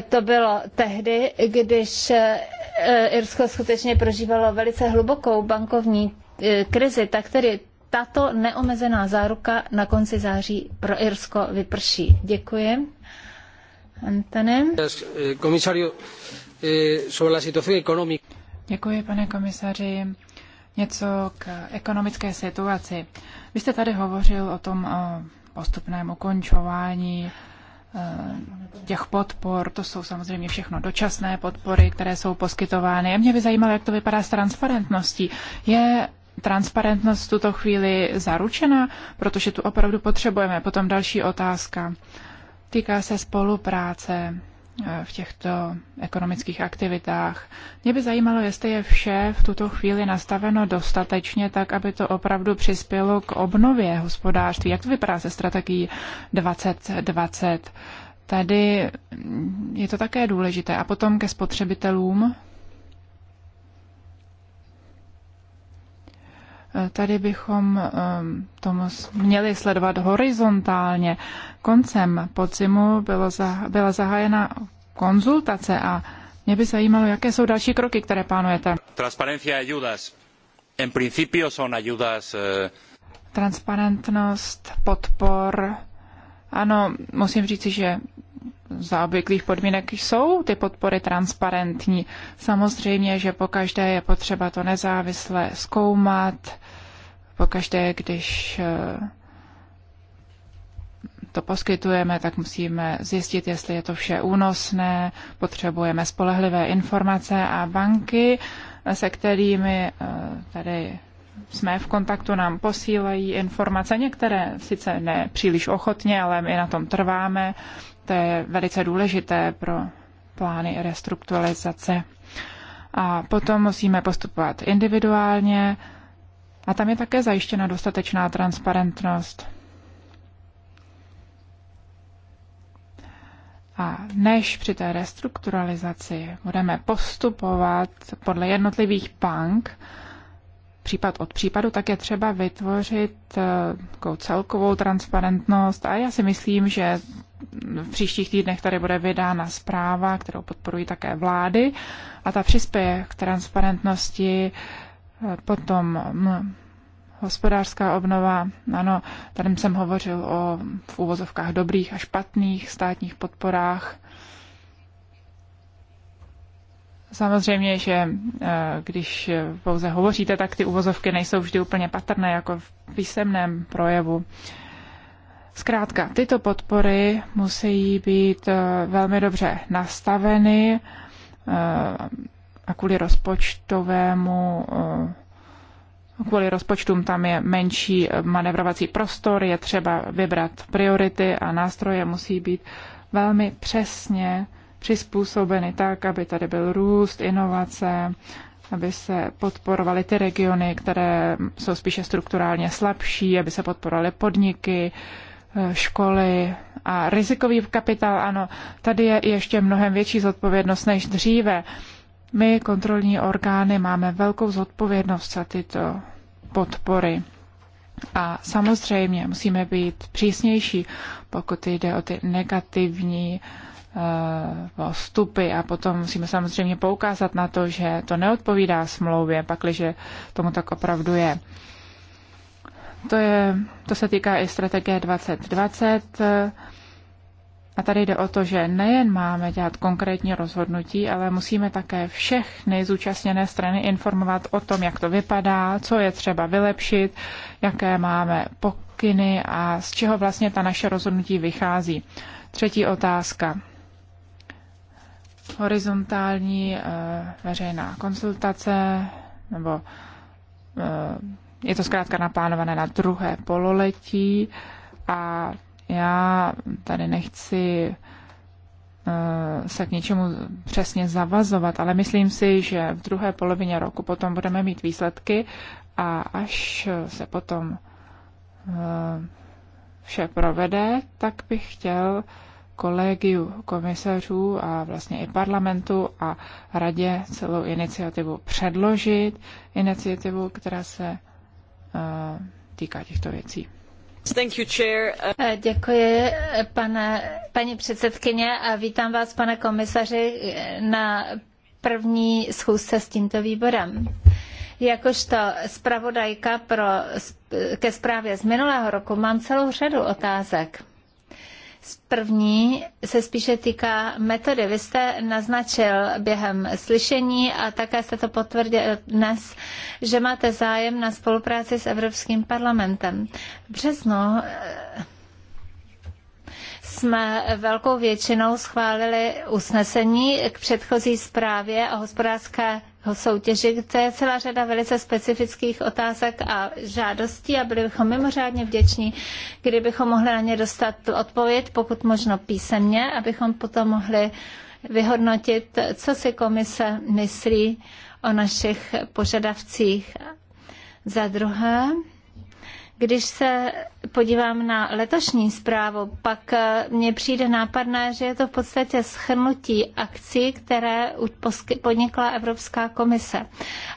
to bylo tehdy, když eh, Irsko skutečně prožívalo velice hlubokou bankovní eh, krizi, tak tedy tato neomezená záruka na konci září pro Irsko vyprší. Děkuji. Antonem. Eh, Děkuji, pane komisaři. Něco k ekonomické situaci. Vy jste tady hovořil o tom postupném ukončování Eh, těch podpor, to jsou samozřejmě všechno dočasné podpory, které jsou poskytovány. A mě by zajímalo, jak to vypadá s transparentností. Je transparentnost v tuto chvíli zaručena, protože tu opravdu potřebujeme. Potom další otázka. Týká se spolupráce v těchto ekonomických aktivitách. Mě by zajímalo, jestli je vše v tuto chvíli nastaveno dostatečně tak, aby to opravdu přispělo k obnově hospodářství. Jak to vypadá se strategií 2020? Tady je to také důležité. A potom ke spotřebitelům. Tady bychom ehm, to měli sledovat horizontálně koncem podzimu bylo za, byla zahájena konzultace a mě by zajímalo, jaké jsou další kroky, které plánujete. Transparencia eh, Transparentnost, podpor. Ano, musím říci, že za obvyklých podmínek jsou ty podpory transparentní. Samozřejmě, že pokaždé je potřeba to nezávisle zkoumat, pokaždé, když eh, to poskytujeme, tak musíme zjistit, jestli je to vše únosné, potřebujeme spolehlivé informace a banky, se kterými eh, tady jsme v kontaktu, nám posílají informace, některé sice ne příliš ochotně, ale my na tom trváme. To je velice důležité pro plány restrukturalizace. A potom musíme postupovat individuálně a tam je také zajištěna dostatečná transparentnost. A než při té restrukturalizaci budeme postupovat podle jednotlivých bank, případ od případu, tak je třeba vytvořit eh, takovou celkovou transparentnost. A já si myslím, že v příštích týdnech tady bude vydána zpráva, kterou podporují také vlády a ta přispěje k transparentnosti eh, potom hospodářská obnova, ano, tady jsem hovořil o v úvozovkách dobrých a špatných státních podporách. Samozřejmě, že eh, když pouze hovoříte, tak ty uvozovky nejsou vždy úplně patrné, jako v písemném projevu. Zkrátka, tyto podpory musí být eh, velmi dobře nastaveny eh, a kvůli rozpočtovému kvůli rozpočtům tam je menší manevrovací prostor, je třeba vybrat priority a nástroje musí být velmi přesně přizpůsobeny tak, aby tady byl růst, inovace, aby se podporovaly ty regiony, které jsou spíše strukturálně slabší, aby se podporovaly podniky, školy a rizikový kapitál. Ano, tady je ještě mnohem větší zodpovědnost než dříve. My, kontrolní orgány, máme velkou zodpovědnost za tyto podpory. A samozřejmě musíme být přísnější, pokud jde o ty negativní vstupy eh, a potom musíme samozřejmě poukázat na to, že to neodpovídá smlouvě, pakliže tomu tak opravdu je. To, je, to se týká i strategie 2020. A tady jde o to, že nejen máme dělat konkrétní rozhodnutí, ale musíme také všechny zúčastněné strany informovat o tom, jak to vypadá, co je třeba vylepšit, jaké máme pokyny a z čeho vlastně ta naše rozhodnutí vychází. Třetí otázka. Horizontální e, veřejná konsultace nebo e, je to zkrátka naplánované na druhé pololetí a já tady nechci eh, se k něčemu přesně zavazovat, ale myslím si, že v druhé polovině roku potom budeme mít výsledky a až se potom eh, vše provede, tak bych chtěl kolegiu komisařů a vlastně i parlamentu a radě celou iniciativu předložit, iniciativu, která se eh, týká těchto věcí. Eh, děkuji, pane, paní předsedkyně, a vítám vás, pane komisaři, na první schůzce s tímto výborem. Jakožto zpravodajka pro, ke zprávě z minulého roku mám celou řadu otázek. První se spíše týká metody. Vy jste naznačil během slyšení a také jste to potvrdil dnes, že máte zájem na spolupráci s Evropským parlamentem. V březnu eh, jsme velkou většinou schválili usnesení k předchozí zprávě o hospodářské soutěži, to je celá řada velice specifických otázek a žádostí a byli bychom mimořádně vděční, kdybychom mohli na ně dostat odpověď, pokud možno písemně, abychom potom mohli vyhodnotit, co si komise myslí o našich požadavcích. Za druhé, když se podívám na letošní zprávu, pak eh, mně přijde nápadné, že je to v podstatě schrnutí akcí, které podnikla Evropská komise.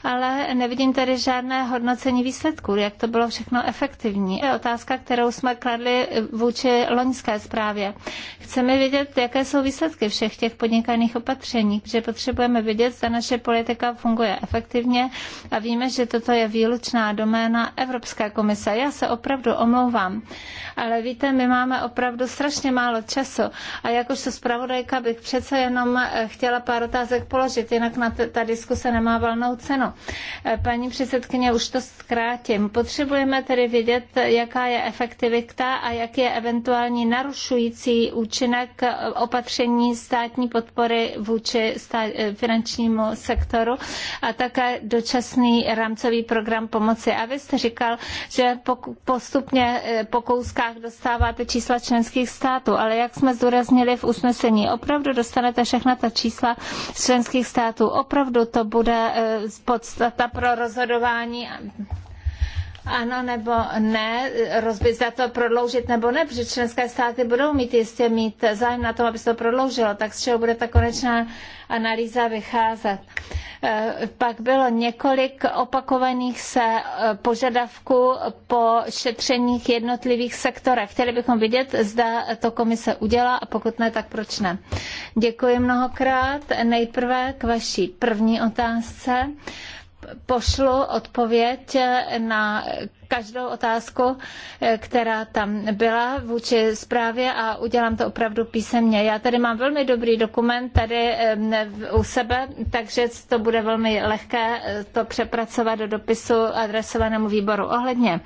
Ale nevidím tady žádné hodnocení výsledků, jak to bylo všechno efektivní. Je otázka, kterou jsme kladli eh, vůči loňské zprávě. Chceme vědět, jaké jsou výsledky všech těch podnikaných opatření, protože potřebujeme vědět, zda naše politika funguje efektivně a víme, že toto je výlučná doména Evropské komise. Já se opravdu omlouvám omlouvám. Ale víte, my máme opravdu strašně málo času a jakožto zpravodajka bych přece jenom eh, chtěla pár otázek položit, jinak na ta diskuse nemá valnou cenu. Eh, paní předsedkyně, už to zkrátím. Potřebujeme tedy vědět, eh, jaká je efektivita a jaký je eventuální narušující účinek opatření státní podpory vůči finančnímu sektoru a také dočasný rámcový program pomoci. A vy jste říkal, že postupně Eh, po kouskách dostáváte čísla členských států, ale jak jsme zdůraznili v usnesení, opravdu dostanete všechna ta čísla členských států. Opravdu to bude eh, podstata pro rozhodování ano nebo ne, rozbit za to prodloužit nebo ne, protože členské státy budou mít jistě mít zájem na tom, aby se to prodloužilo, tak z čeho bude ta konečná analýza vycházet. Eh, pak bylo několik opakovaných se eh, požadavků po šetřeních jednotlivých sektorech. Chtěli bychom vidět, zda to komise udělá a pokud ne, tak proč ne. Děkuji mnohokrát. Nejprve k vaší první otázce pošlu odpověď na každou otázku, která tam byla vůči zprávě a udělám to opravdu písemně. Já tady mám velmi dobrý dokument tady u sebe, takže to bude velmi lehké eh, to přepracovat do dopisu adresovanému výboru. Ohledně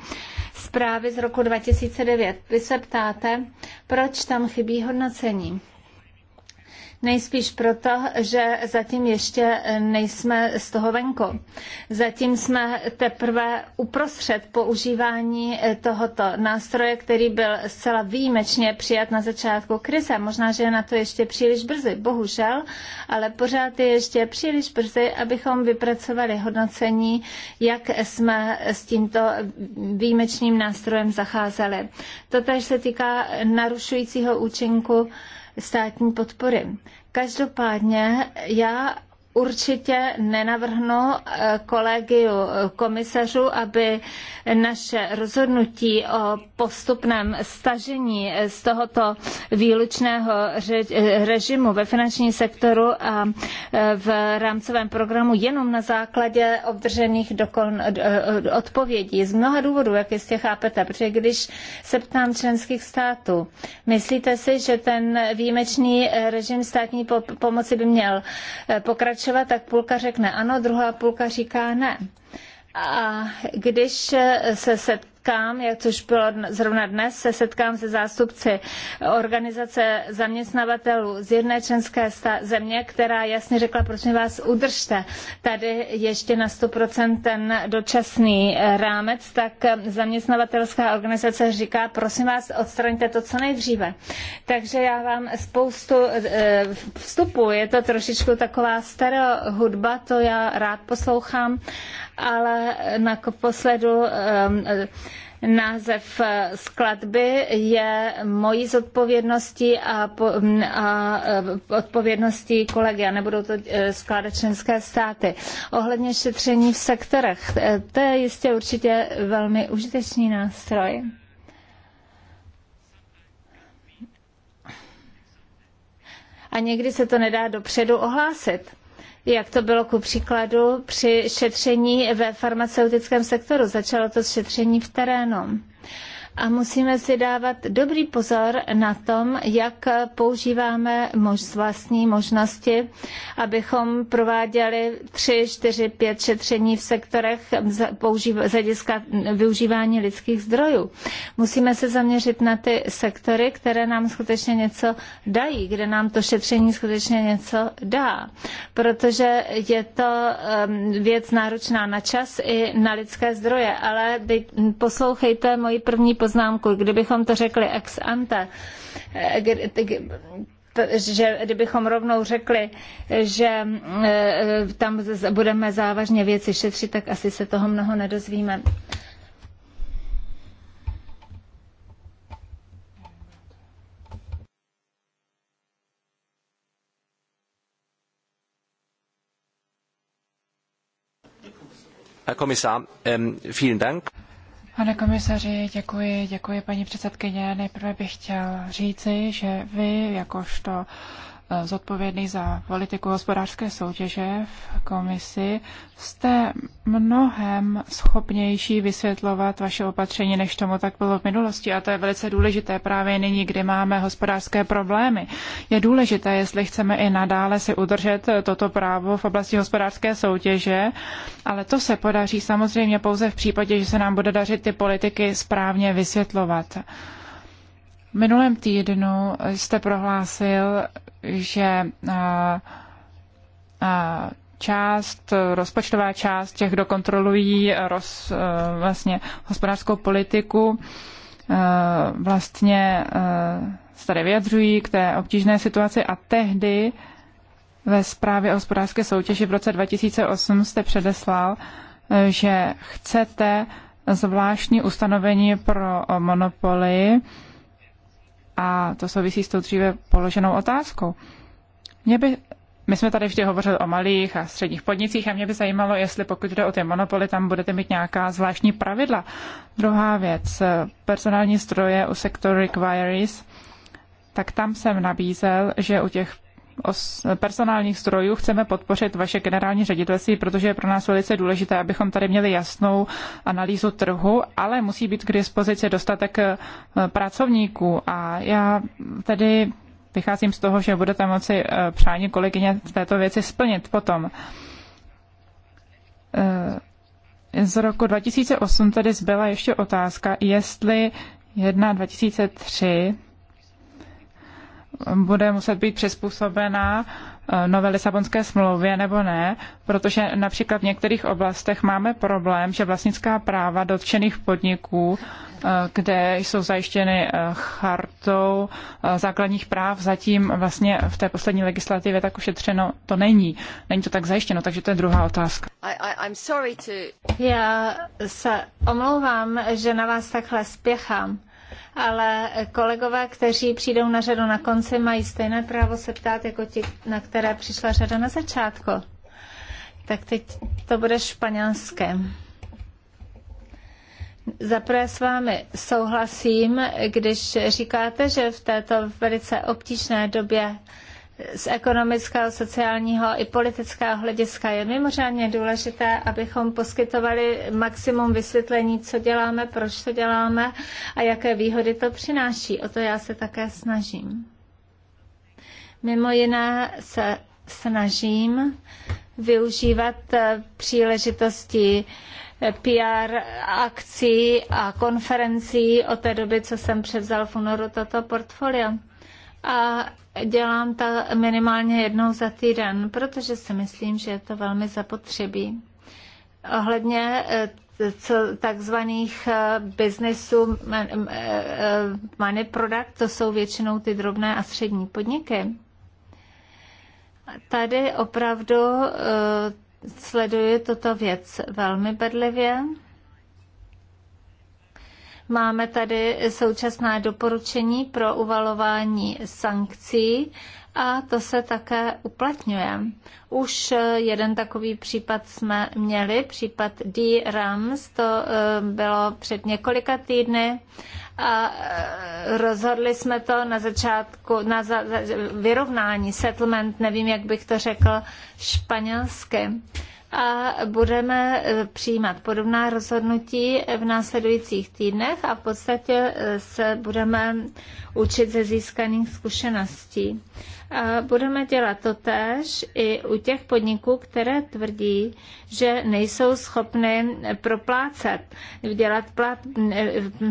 zprávy z roku 2009. Vy se ptáte, proč tam chybí hodnocení. Nejspíš proto, že zatím ještě nejsme z toho venku. Zatím jsme teprve uprostřed používání tohoto nástroje, který byl zcela výjimečně přijat na začátku krize. Možná, že je na to ještě příliš brzy, bohužel, ale pořád je ještě příliš brzy, abychom vypracovali hodnocení, jak jsme s tímto výjimečným nástrojem zacházeli. Totež se týká narušujícího účinku státní podpory. Každopádně já určitě nenavrhnu eh, kolegiu eh, komisařů, aby naše rozhodnutí o postupném stažení eh, z tohoto výlučného režimu ve finančním sektoru a v rámcovém programu jenom na základě obdržených odpovědí. Z mnoha důvodů, jak jistě chápete, protože když se ptám členských států, myslíte si, že ten výjimečný režim státní pomoci by měl pokračovat pokračovat, tak půlka řekne ano, druhá půlka říká ne. A když se, se setkám, jak což bylo zrovna dnes, se setkám se zástupci organizace zaměstnavatelů z jedné členské země, která jasně řekla, prosím vás, udržte tady ještě na 100% ten dočasný eh, rámec, tak eh, zaměstnavatelská organizace říká, prosím vás, odstraňte to co nejdříve. Takže já vám spoustu eh, vstupů, je to trošičku taková stereo hudba, to já rád poslouchám, ale na um, Název uh, skladby je mojí zodpovědností a, po, um, a uh, odpovědností kolegy, a nebudou to uh, skládat členské státy. Ohledně šetření v sektorech, to je jistě určitě velmi užitečný nástroj. A někdy se to nedá dopředu ohlásit jak to bylo ku příkladu při šetření ve farmaceutickém sektoru. Začalo to šetření v terénu a musíme si dávat dobrý pozor na tom, jak používáme mož vlastní možnosti, abychom prováděli 3, 4, 5 šetření v sektorech z hlediska využívání lidských zdrojů. Musíme se zaměřit na ty sektory, které nám skutečně něco dají, kde nám to šetření skutečně něco dá, protože je to ehm, věc náročná na čas i na lidské zdroje, ale poslouchejte moji první poznámku, kdybychom to řekli ex ante, eh, že kdybychom rovnou řekli, že eh, tam budeme závažně věci šetřit, tak asi se toho mnoho nedozvíme. herr kommissar ähm, vielen dank! Pane komisaři, děkuji, děkuji paní předsedkyně. Nejprve bych chtěl říci, že vy jakožto Eh, zodpovědný za politiku hospodářské soutěže v komisi, jste mnohem schopnější vysvětlovat vaše opatření, než tomu tak bylo v minulosti. A to je velice důležité právě nyní, kdy máme hospodářské problémy. Je důležité, jestli chceme i nadále si udržet eh, toto právo v oblasti hospodářské soutěže, ale to se podaří samozřejmě pouze v případě, že se nám bude dařit ty politiky správně vysvětlovat minulém týdnu jste prohlásil, že část, rozpočtová část těch, kdo kontrolují roz, vlastně hospodářskou politiku, vlastně se tady vyjadřují k té obtížné situaci a tehdy ve zprávě o hospodářské soutěži v roce 2008 jste předeslal, že chcete zvláštní ustanovení pro monopoly, a to souvisí s tou dříve položenou otázkou. Mě by, my jsme tady vždy hovořili o malých a středních podnicích a mě by zajímalo, jestli pokud jde o ty monopoly, tam budete mít nějaká zvláštní pravidla. Druhá věc, personální stroje u sektoru requiries, tak tam jsem nabízel, že u těch personálních strojů chceme podpořit vaše generální ředitelství, protože je pro nás velice důležité, abychom tady měli jasnou analýzu trhu, ale musí být k dispozici dostatek eh, pracovníků. A já tedy vycházím z toho, že budete moci eh, přání kolegyně v této věci splnit potom. Eh, z roku 2008 tedy zbyla ještě otázka, jestli 1 2003 bude muset být přizpůsobená eh, nové Lisabonské smlouvě nebo ne, protože například v některých oblastech máme problém, že vlastnická práva dotčených podniků, eh, kde jsou zajištěny eh, chartou základních práv, zatím vlastně v té poslední legislativě tak ušetřeno to není. Není to tak zajištěno, takže to je druhá otázka. I, I, to... Já se omlouvám, že na vás takhle spěchám ale kolegové, kteří přijdou na řadu na konci, mají stejné právo se ptát jako ti, na které přišla řada na začátku. Tak teď to bude španělské. Zaprvé s vámi souhlasím, když říkáte, že v této velice obtížné době z ekonomického, sociálního i politického hlediska je mimořádně důležité, abychom poskytovali maximum vysvětlení, co děláme, proč to děláme a jaké výhody to přináší. O to já se také snažím. Mimo jiné se snažím využívat příležitosti PR akcí a konferencí od té doby, co jsem převzal v únoru toto portfolio a dělám to minimálně jednou za týden, protože si myslím, že je to velmi zapotřebí. Ohledně eh, takzvaných eh, biznesů eh, money product, to jsou většinou ty drobné a střední podniky. Tady opravdu sleduji tuto věc velmi bedlivě. Máme tady současná doporučení pro uvalování sankcí a to se také uplatňuje. Už jeden takový případ jsme měli, případ D. Rams, to eh, bylo před několika týdny a eh, rozhodli jsme to na začátku, na za, vyrovnání, settlement, nevím, jak bych to řekl španělsky a budeme e, přijímat podobná rozhodnutí v následujících týdnech a v podstatě e, se budeme učit ze získaných zkušeností budeme dělat to též i u těch podniků, které tvrdí, že nejsou schopny proplácet, dělat plat,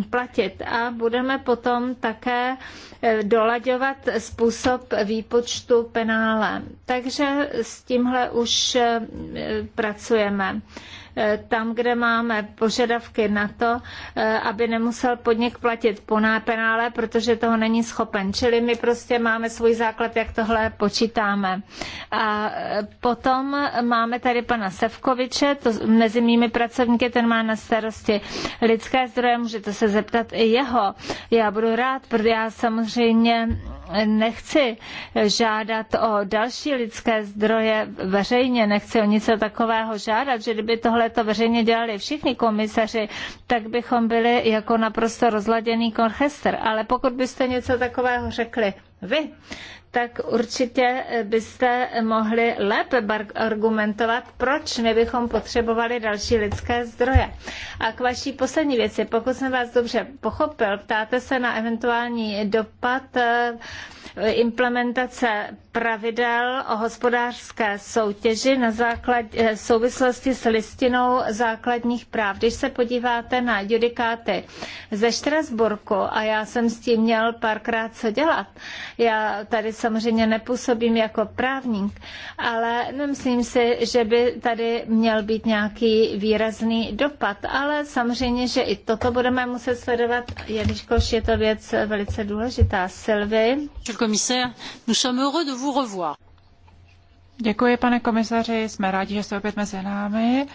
platit a budeme potom také eh, dolaďovat způsob výpočtu penále. Takže s tímhle už eh, pracujeme. Eh, tam, kde máme požadavky na to, eh, aby nemusel podnik platit poná penále, protože toho není schopen. Čili my prostě máme svůj základ, jak tohle počítáme. A eh, potom máme tady pana Sevkoviče, to mezi mými pracovníky, ten má na starosti lidské zdroje, můžete se zeptat i jeho. Já budu rád, protože já samozřejmě nechci žádat o další lidské zdroje veřejně, nechci o nic takového žádat, že kdyby tohle to veřejně dělali všichni komisaři, tak bychom byli jako naprosto rozladěný orchestr. Ale pokud byste něco takového řekli vy, tak určitě byste mohli lépe argumentovat, proč my bychom potřebovali další lidské zdroje. A k vaší poslední věci, pokud jsem vás dobře pochopil, ptáte se na eventuální dopad eh, implementace pravidel o hospodářské soutěži na základ, eh, v souvislosti s listinou základních práv. Když se podíváte na judikáty ze Štrasburku, a já jsem s tím měl párkrát co dělat, já tady samozřejmě nepůsobím jako právník, ale nemyslím si, že by tady měl být nějaký výrazný dopad, ale samozřejmě, že i toto budeme muset sledovat, jelikož je to věc velice důležitá. Silvi commissaire, nous sommes heureux de vous revoir. Děkuji, pane komisaři, jsme rádi, že jste opět mezi námi.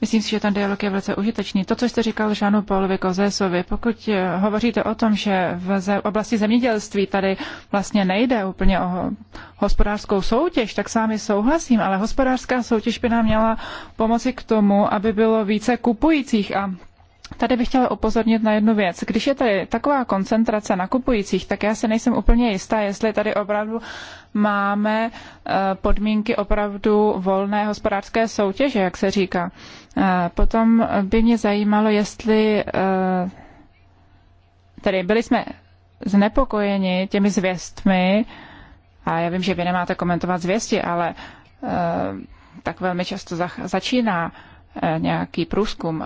Myslím si, že ten dialog je velice užitečný. To, co jste říkal Žánu Paulovi Kozésovi, pokud eh, hovoříte o tom, že v oblasti zemědělství tady vlastně nejde úplně o hospodářskou soutěž, tak s vámi souhlasím, ale hospodářská soutěž by nám měla pomoci k tomu, aby bylo více kupujících a Tady bych chtěla upozornit na jednu věc. Když je tady taková koncentrace nakupujících, tak já se nejsem úplně jistá, jestli tady opravdu máme eh, podmínky opravdu volné hospodářské soutěže, jak se říká. Eh, potom by mě zajímalo, jestli eh, tady byli jsme znepokojeni těmi zvěstmi, a já vím, že vy nemáte komentovat zvěsti, ale tak velmi často začíná nějaký průzkum.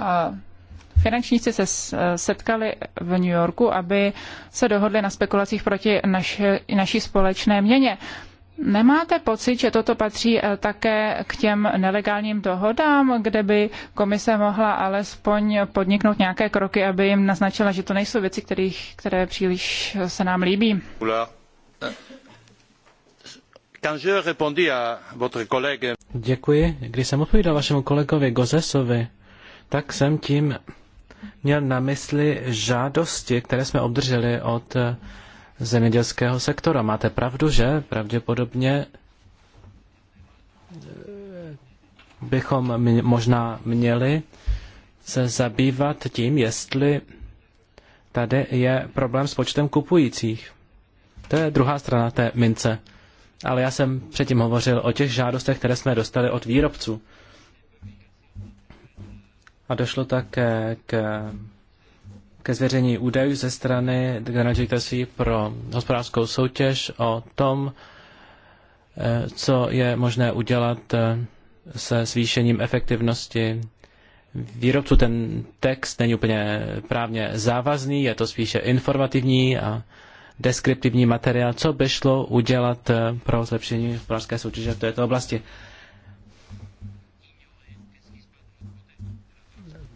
Finančníci se eh, setkali v New Yorku, aby se dohodli na spekulacích proti naši, naší společné měně. Nemáte pocit, že toto patří eh, také k těm nelegálním dohodám, kde by komise mohla alespoň podniknout nějaké kroky, aby jim naznačila, že to nejsou věci, kterých, které příliš eh, se nám líbí? Děkuji. Když jsem odpovídal vašemu kolegovi Gozesovi, tak jsem tím měl na mysli žádosti, které jsme obdrželi od eh, zemědělského sektora. Máte pravdu, že pravděpodobně eh, bychom možná měli se zabývat tím, jestli tady je problém s počtem kupujících. To je druhá strana té mince. Ale já jsem předtím hovořil o těch žádostech, které jsme dostali od výrobců. A došlo také k, ke zveřejnění údajů ze strany Generální pro hospodářskou soutěž o tom, eh, co je možné udělat eh, se zvýšením efektivnosti výrobců. Ten text není úplně právně závazný, je to spíše informativní a deskriptivní materiál, co by šlo udělat eh, pro zlepšení hospodářské soutěže v této oblasti.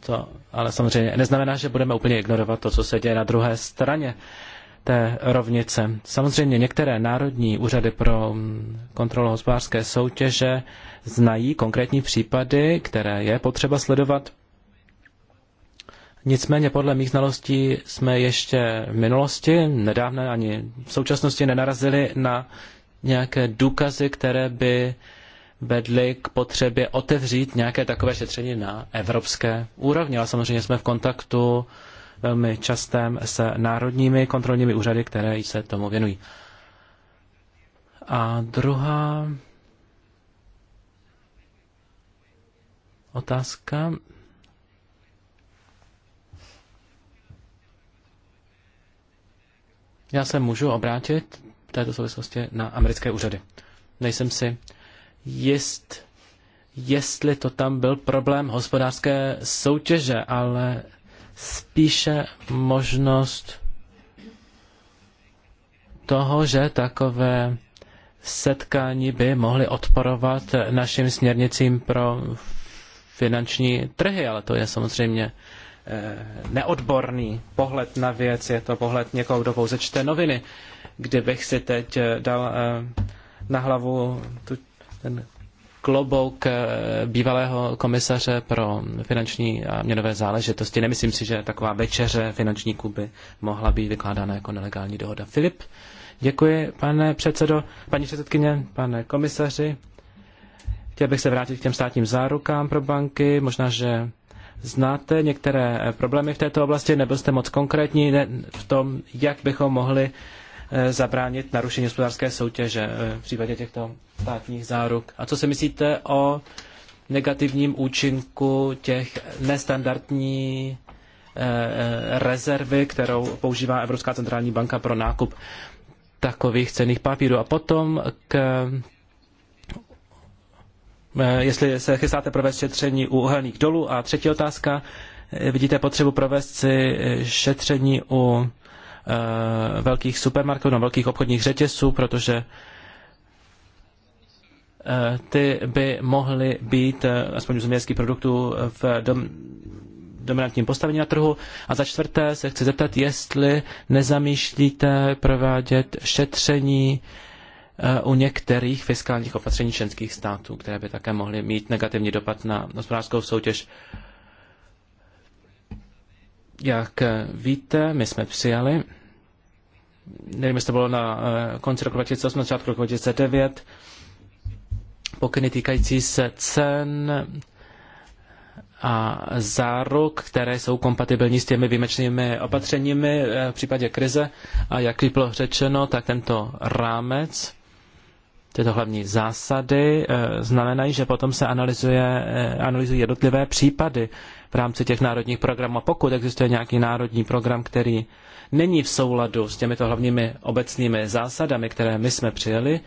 To ale samozřejmě neznamená, že budeme úplně ignorovat to, co se děje na druhé straně té rovnice. Samozřejmě některé národní úřady pro mm, kontrolu hospodářské soutěže znají konkrétní případy, které je potřeba sledovat. Nicméně podle mých znalostí jsme ještě v minulosti, nedávné ani v současnosti nenarazili na nějaké důkazy, které by vedly k potřebě otevřít nějaké takové šetření na evropské úrovni. Ale samozřejmě jsme v kontaktu velmi častém s národními kontrolními úřady, které se tomu věnují. A druhá otázka. Já se můžu obrátit v této souvislosti na americké úřady. Nejsem si jist, jestli to tam byl problém hospodářské soutěže, ale spíše možnost toho, že takové setkání by mohly odporovat našim směrnicím pro finanční trhy, ale to je samozřejmě eh, neodborný pohled na věc, je to pohled někoho, kdo pouze čte noviny. Kdybych si teď eh, dal eh, na hlavu tu ten klobouk eh, bývalého komisaře pro finanční a měnové záležitosti. Nemyslím si, že taková večeře finančníků by mohla být vykládána jako nelegální dohoda. Filip, děkuji, pane předsedo, paní předsedkyně, pane komisaři. Chtěl bych se vrátit k těm státním zárukám pro banky. Možná, že znáte některé problémy v této oblasti, nebyl jste moc konkrétní v tom, jak bychom mohli Eh, zabránit narušení hospodářské soutěže eh, v případě těchto státních záruk. A co si myslíte o negativním účinku těch nestandardní eh, rezervy, kterou používá Evropská centrální banka pro nákup takových cených papírů. A potom k jestli se chystáte provést šetření u uhelných dolů. A třetí otázka, vidíte potřebu provést si šetření u Eh, velkých supermarketů, na no, velkých obchodních řetězců, protože eh, ty by mohly být, eh, aspoň u zemědělských produktů, v dom, dominantním postavení na trhu. A za čtvrté se chci zeptat, jestli nezamýšlíte provádět šetření u některých fiskálních opatření členských států, které by také mohly mít negativní dopad na hospodářskou soutěž. Jak víte, my jsme přijali nevím, jestli to bylo na eh, konci roku 2008, začátku roku 2009, pokyny týkající se cen a záruk, které jsou kompatibilní s těmi výjimečnými opatřeními eh, v případě krize. A jak již bylo řečeno, tak tento rámec, tyto hlavní zásady, eh, znamenají, že potom se analyzuje, analyzují jednotlivé případy v rámci těch národních programů. A pokud existuje nějaký národní program, který není v souladu s těmito hlavními obecnými zásadami, které my jsme přijeli,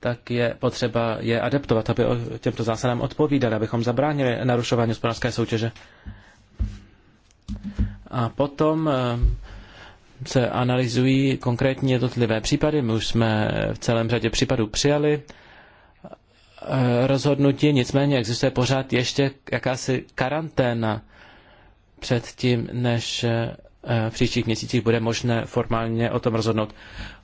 tak je potřeba je adaptovat, aby těmto zásadám odpovídali, abychom zabránili narušování hospodářské soutěže. A potom eh, se analyzují konkrétní jednotlivé případy. My už jsme v celém řadě případů přijali eh, rozhodnutí, nicméně existuje pořád ještě jakási karanténa předtím, než eh, v příštích měsících bude možné formálně o tom rozhodnout.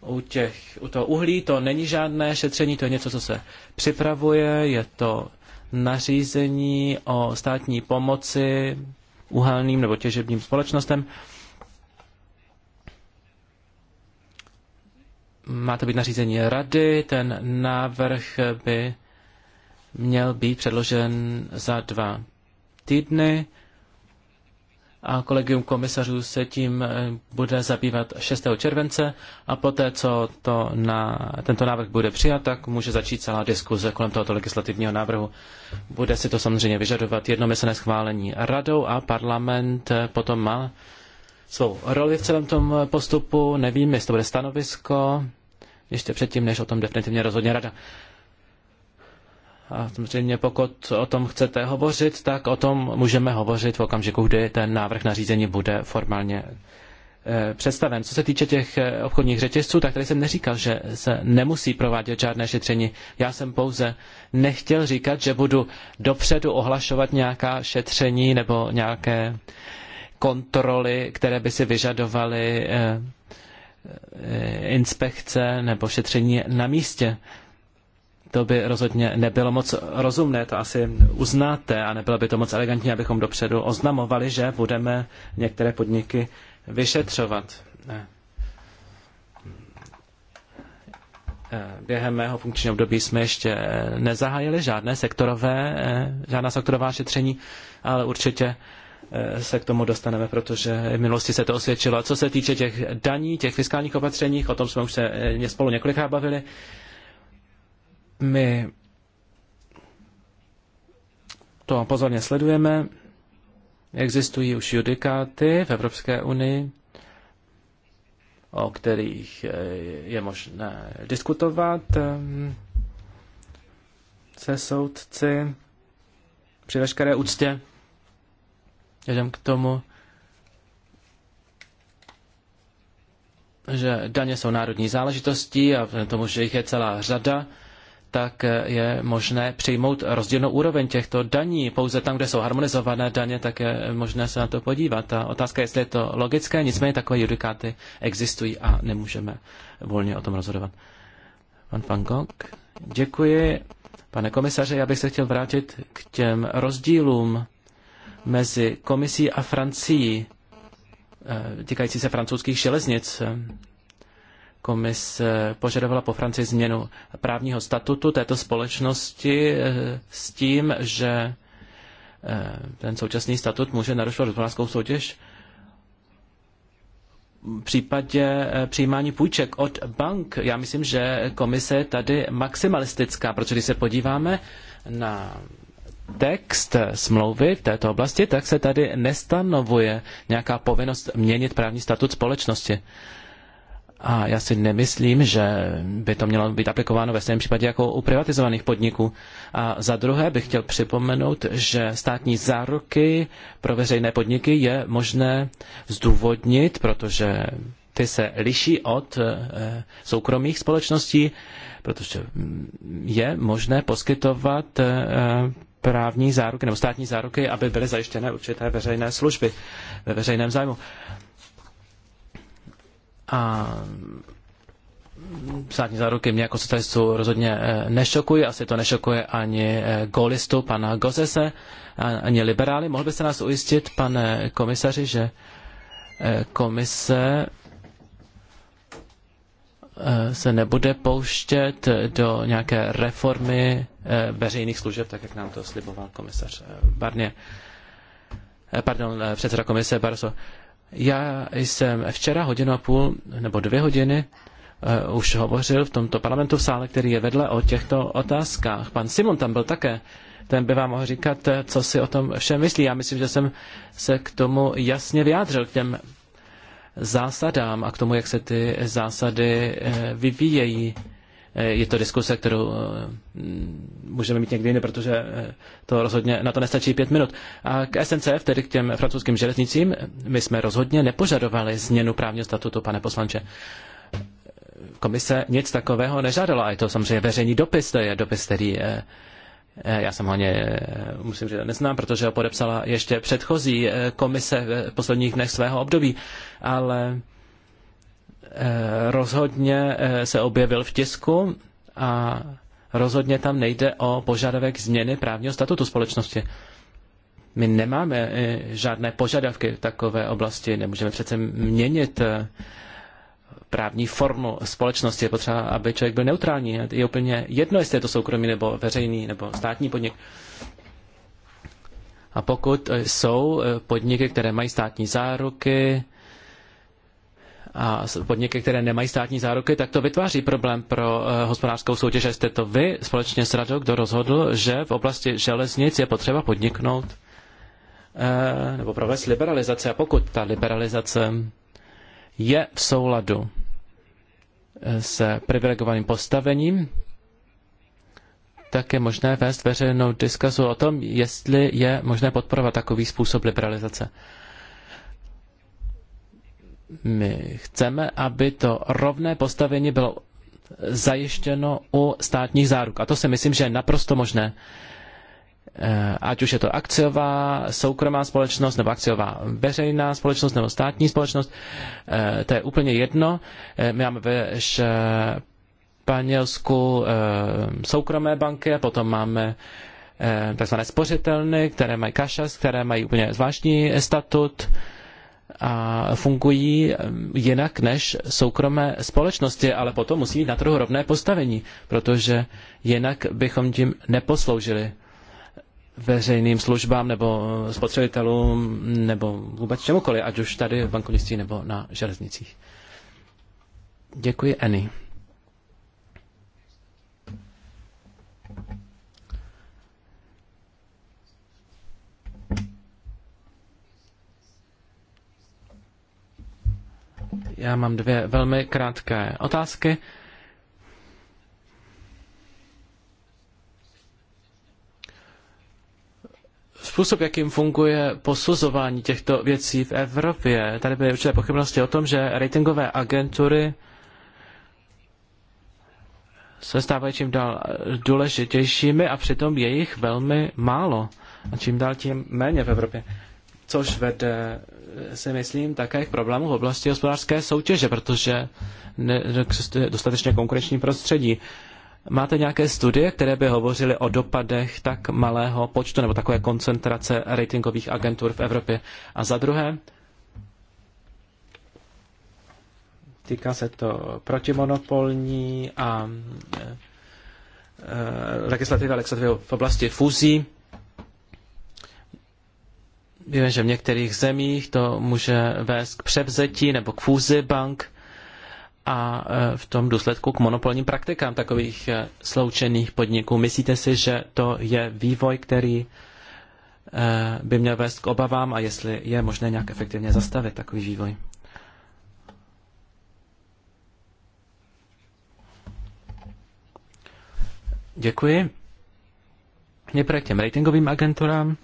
U, těch, u toho uhlí to není žádné šetření, to je něco, co se připravuje, je to nařízení o státní pomoci uhelným nebo těžebním společnostem. Má to být nařízení rady, ten návrh by měl být předložen za dva týdny a kolegium komisařů se tím eh, bude zabývat 6. července a poté, co to na, tento návrh bude přijat, tak může začít celá diskuze kolem tohoto legislativního návrhu. Bude si to samozřejmě vyžadovat jednomyslné schválení radou a parlament eh, potom má svou roli v celém tom eh, postupu. Nevím, jestli to bude stanovisko, ještě předtím, než o tom definitivně rozhodně rada. A samozřejmě pokud o tom chcete hovořit, tak o tom můžeme hovořit v okamžiku, kdy ten návrh nařízení bude formálně eh, představen. Co se týče těch eh, obchodních řetězců, tak tady jsem neříkal, že se nemusí provádět žádné šetření. Já jsem pouze nechtěl říkat, že budu dopředu ohlašovat nějaká šetření nebo nějaké kontroly, které by si vyžadovaly eh, inspekce nebo šetření na místě to by rozhodně nebylo moc rozumné, to asi uznáte, a nebylo by to moc elegantní, abychom dopředu oznamovali, že budeme některé podniky vyšetřovat. Ne. Eh, Během mého funkčního období jsme ještě nezahájili žádné sektorové, eh, žádná sektorová šetření, ale určitě eh, se k tomu dostaneme, protože v minulosti se to osvědčilo. A co se týče těch daní, těch fiskálních opatřeních, o tom jsme už se spolu několikrát bavili, my to pozorně sledujeme. Existují už judikáty v Evropské unii, o kterých eh, je možné diskutovat eh, se soudci při veškeré úctě. Jdem k tomu, že daně jsou národní záležitostí a tomu, že jich je celá řada, tak je možné přijmout rozdílnou úroveň těchto daní. Pouze tam, kde jsou harmonizované daně, tak je možné se na to podívat. A otázka je, jestli je to logické, nicméně takové judikáty existují a nemůžeme volně o tom rozhodovat. Pan Pankok, děkuji. Pane komisaře, já bych se chtěl vrátit k těm rozdílům mezi komisí a Francií eh, týkající se francouzských železnic komise požadovala po Francii změnu právního statutu této společnosti eh, s tím, že eh, ten současný statut může narušovat hospodářskou soutěž v případě eh, přijímání půjček od bank. Já myslím, že komise je tady maximalistická, protože když se podíváme na text smlouvy v této oblasti, tak se tady nestanovuje nějaká povinnost měnit právní statut společnosti. A já si nemyslím, že by to mělo být aplikováno ve stejném případě jako u privatizovaných podniků. A za druhé bych chtěl připomenout, že státní záruky pro veřejné podniky je možné zdůvodnit, protože ty se liší od eh, soukromých společností, protože mm, je možné poskytovat eh, právní záruky nebo státní záruky, aby byly zajištěné určité veřejné služby ve veřejném zájmu. A státní záruky mě jako socialistu rozhodně eh, nešokují, asi to nešokuje ani eh, golistu pana Gozese, ani liberály. Mohl byste nás ujistit, pane komisaři, že eh, komise se nebude pouštět do nějaké reformy veřejných služeb, tak jak nám to sliboval komisař Barně. Pardon, předseda komise Barso. Já jsem včera hodinu a půl nebo dvě hodiny uh, už hovořil v tomto parlamentu v sále, který je vedle o těchto otázkách. Pan Simon tam byl také. Ten by vám mohl říkat, eh, co si o tom všem myslí. Já myslím, že jsem se k tomu jasně vyjádřil, k těm zásadám a k tomu, jak se ty zásady eh, vyvíjejí. Eh, je to diskuse, kterou eh, mm, můžeme mít někdy jiný, protože eh, to rozhodně na to nestačí pět minut. A k SNCF, tedy k těm francouzským železnicím, my jsme rozhodně nepožadovali změnu právního statutu, pane poslanče. Komise nic takového nežádala. A je to samozřejmě veřejný dopis, to je dopis, který já jsem ho ně, musím říct, neznám, protože ho podepsala ještě předchozí komise v posledních dnech svého období, ale Eh, rozhodně eh, se objevil v tisku a rozhodně tam nejde o požadavek změny právního statutu společnosti. My nemáme eh, žádné požadavky v takové oblasti, nemůžeme přece měnit právní formu společnosti. Je potřeba, aby člověk byl neutrální. Je úplně jedno, jestli je to soukromý nebo veřejný nebo státní podnik. A pokud jsou podniky, které mají státní záruky, a podniky, které nemají státní záruky, tak to vytváří problém pro eh, hospodářskou soutěž. Jste to vy společně s radou, kdo rozhodl, že v oblasti železnic je potřeba podniknout eh, nebo provést liberalizaci. A pokud ta liberalizace je v souladu eh, s privilegovaným postavením, tak je možné vést veřejnou diskazu o tom, jestli je možné podporovat takový způsob liberalizace. My chceme, aby to rovné postavení bylo zajištěno u státních záruk. A to si myslím, že je naprosto možné. Eh, ať už je to akciová soukromá společnost, nebo akciová veřejná společnost, nebo státní společnost, eh, to je úplně jedno. Eh, my máme ve Španělsku soukromé banky a potom máme takzvané spořitelny, které mají kašas, které mají úplně zvláštní statut a fungují jinak než soukromé společnosti, ale potom musí mít na trhu rovné postavení, protože jinak bychom tím neposloužili veřejným službám nebo eh, spotřebitelům nebo vůbec čemukoliv, ať už tady v bankovnictví nebo na železnicích. Děkuji, Annie. Já mám dvě velmi krátké otázky. Způsob, jakým funguje posuzování těchto věcí v Evropě, tady byly určité pochybnosti o tom, že ratingové agentury se stávají čím dál důležitějšími a přitom je jich velmi málo a čím dál tím méně v Evropě což vede, eh, si myslím, také k problému v oblasti hospodářské soutěže, protože neexistuje dostatečně konkurenční prostředí. Máte nějaké studie, které by hovořily o dopadech tak malého počtu nebo takové koncentrace ratingových agentur v Evropě? A za druhé, týká se to protimonopolní a eh, eh, legislativy legislativy v oblasti fúzí. Víme, že v některých zemích to může vést k převzetí nebo k fúzi bank a e, v tom důsledku k monopolním praktikám takových e, sloučených podniků. Myslíte si, že to je vývoj, který e, by měl vést k obavám a jestli je možné nějak efektivně zastavit takový vývoj? Děkuji. Mě projektem ratingovým agenturám.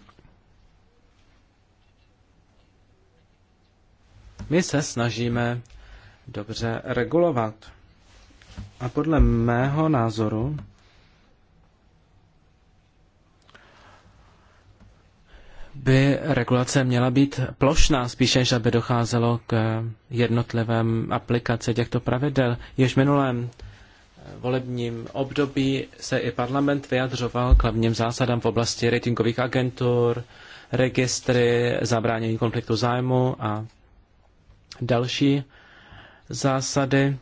My se snažíme dobře regulovat. A podle mého názoru by regulace měla být plošná, spíše než aby docházelo k jednotlivém aplikaci těchto pravidel. Jež minulém eh, volebním období se i parlament vyjadřoval k hlavním zásadám v oblasti ratingových agentur, registry, zabránění konfliktu zájmu a další zásady.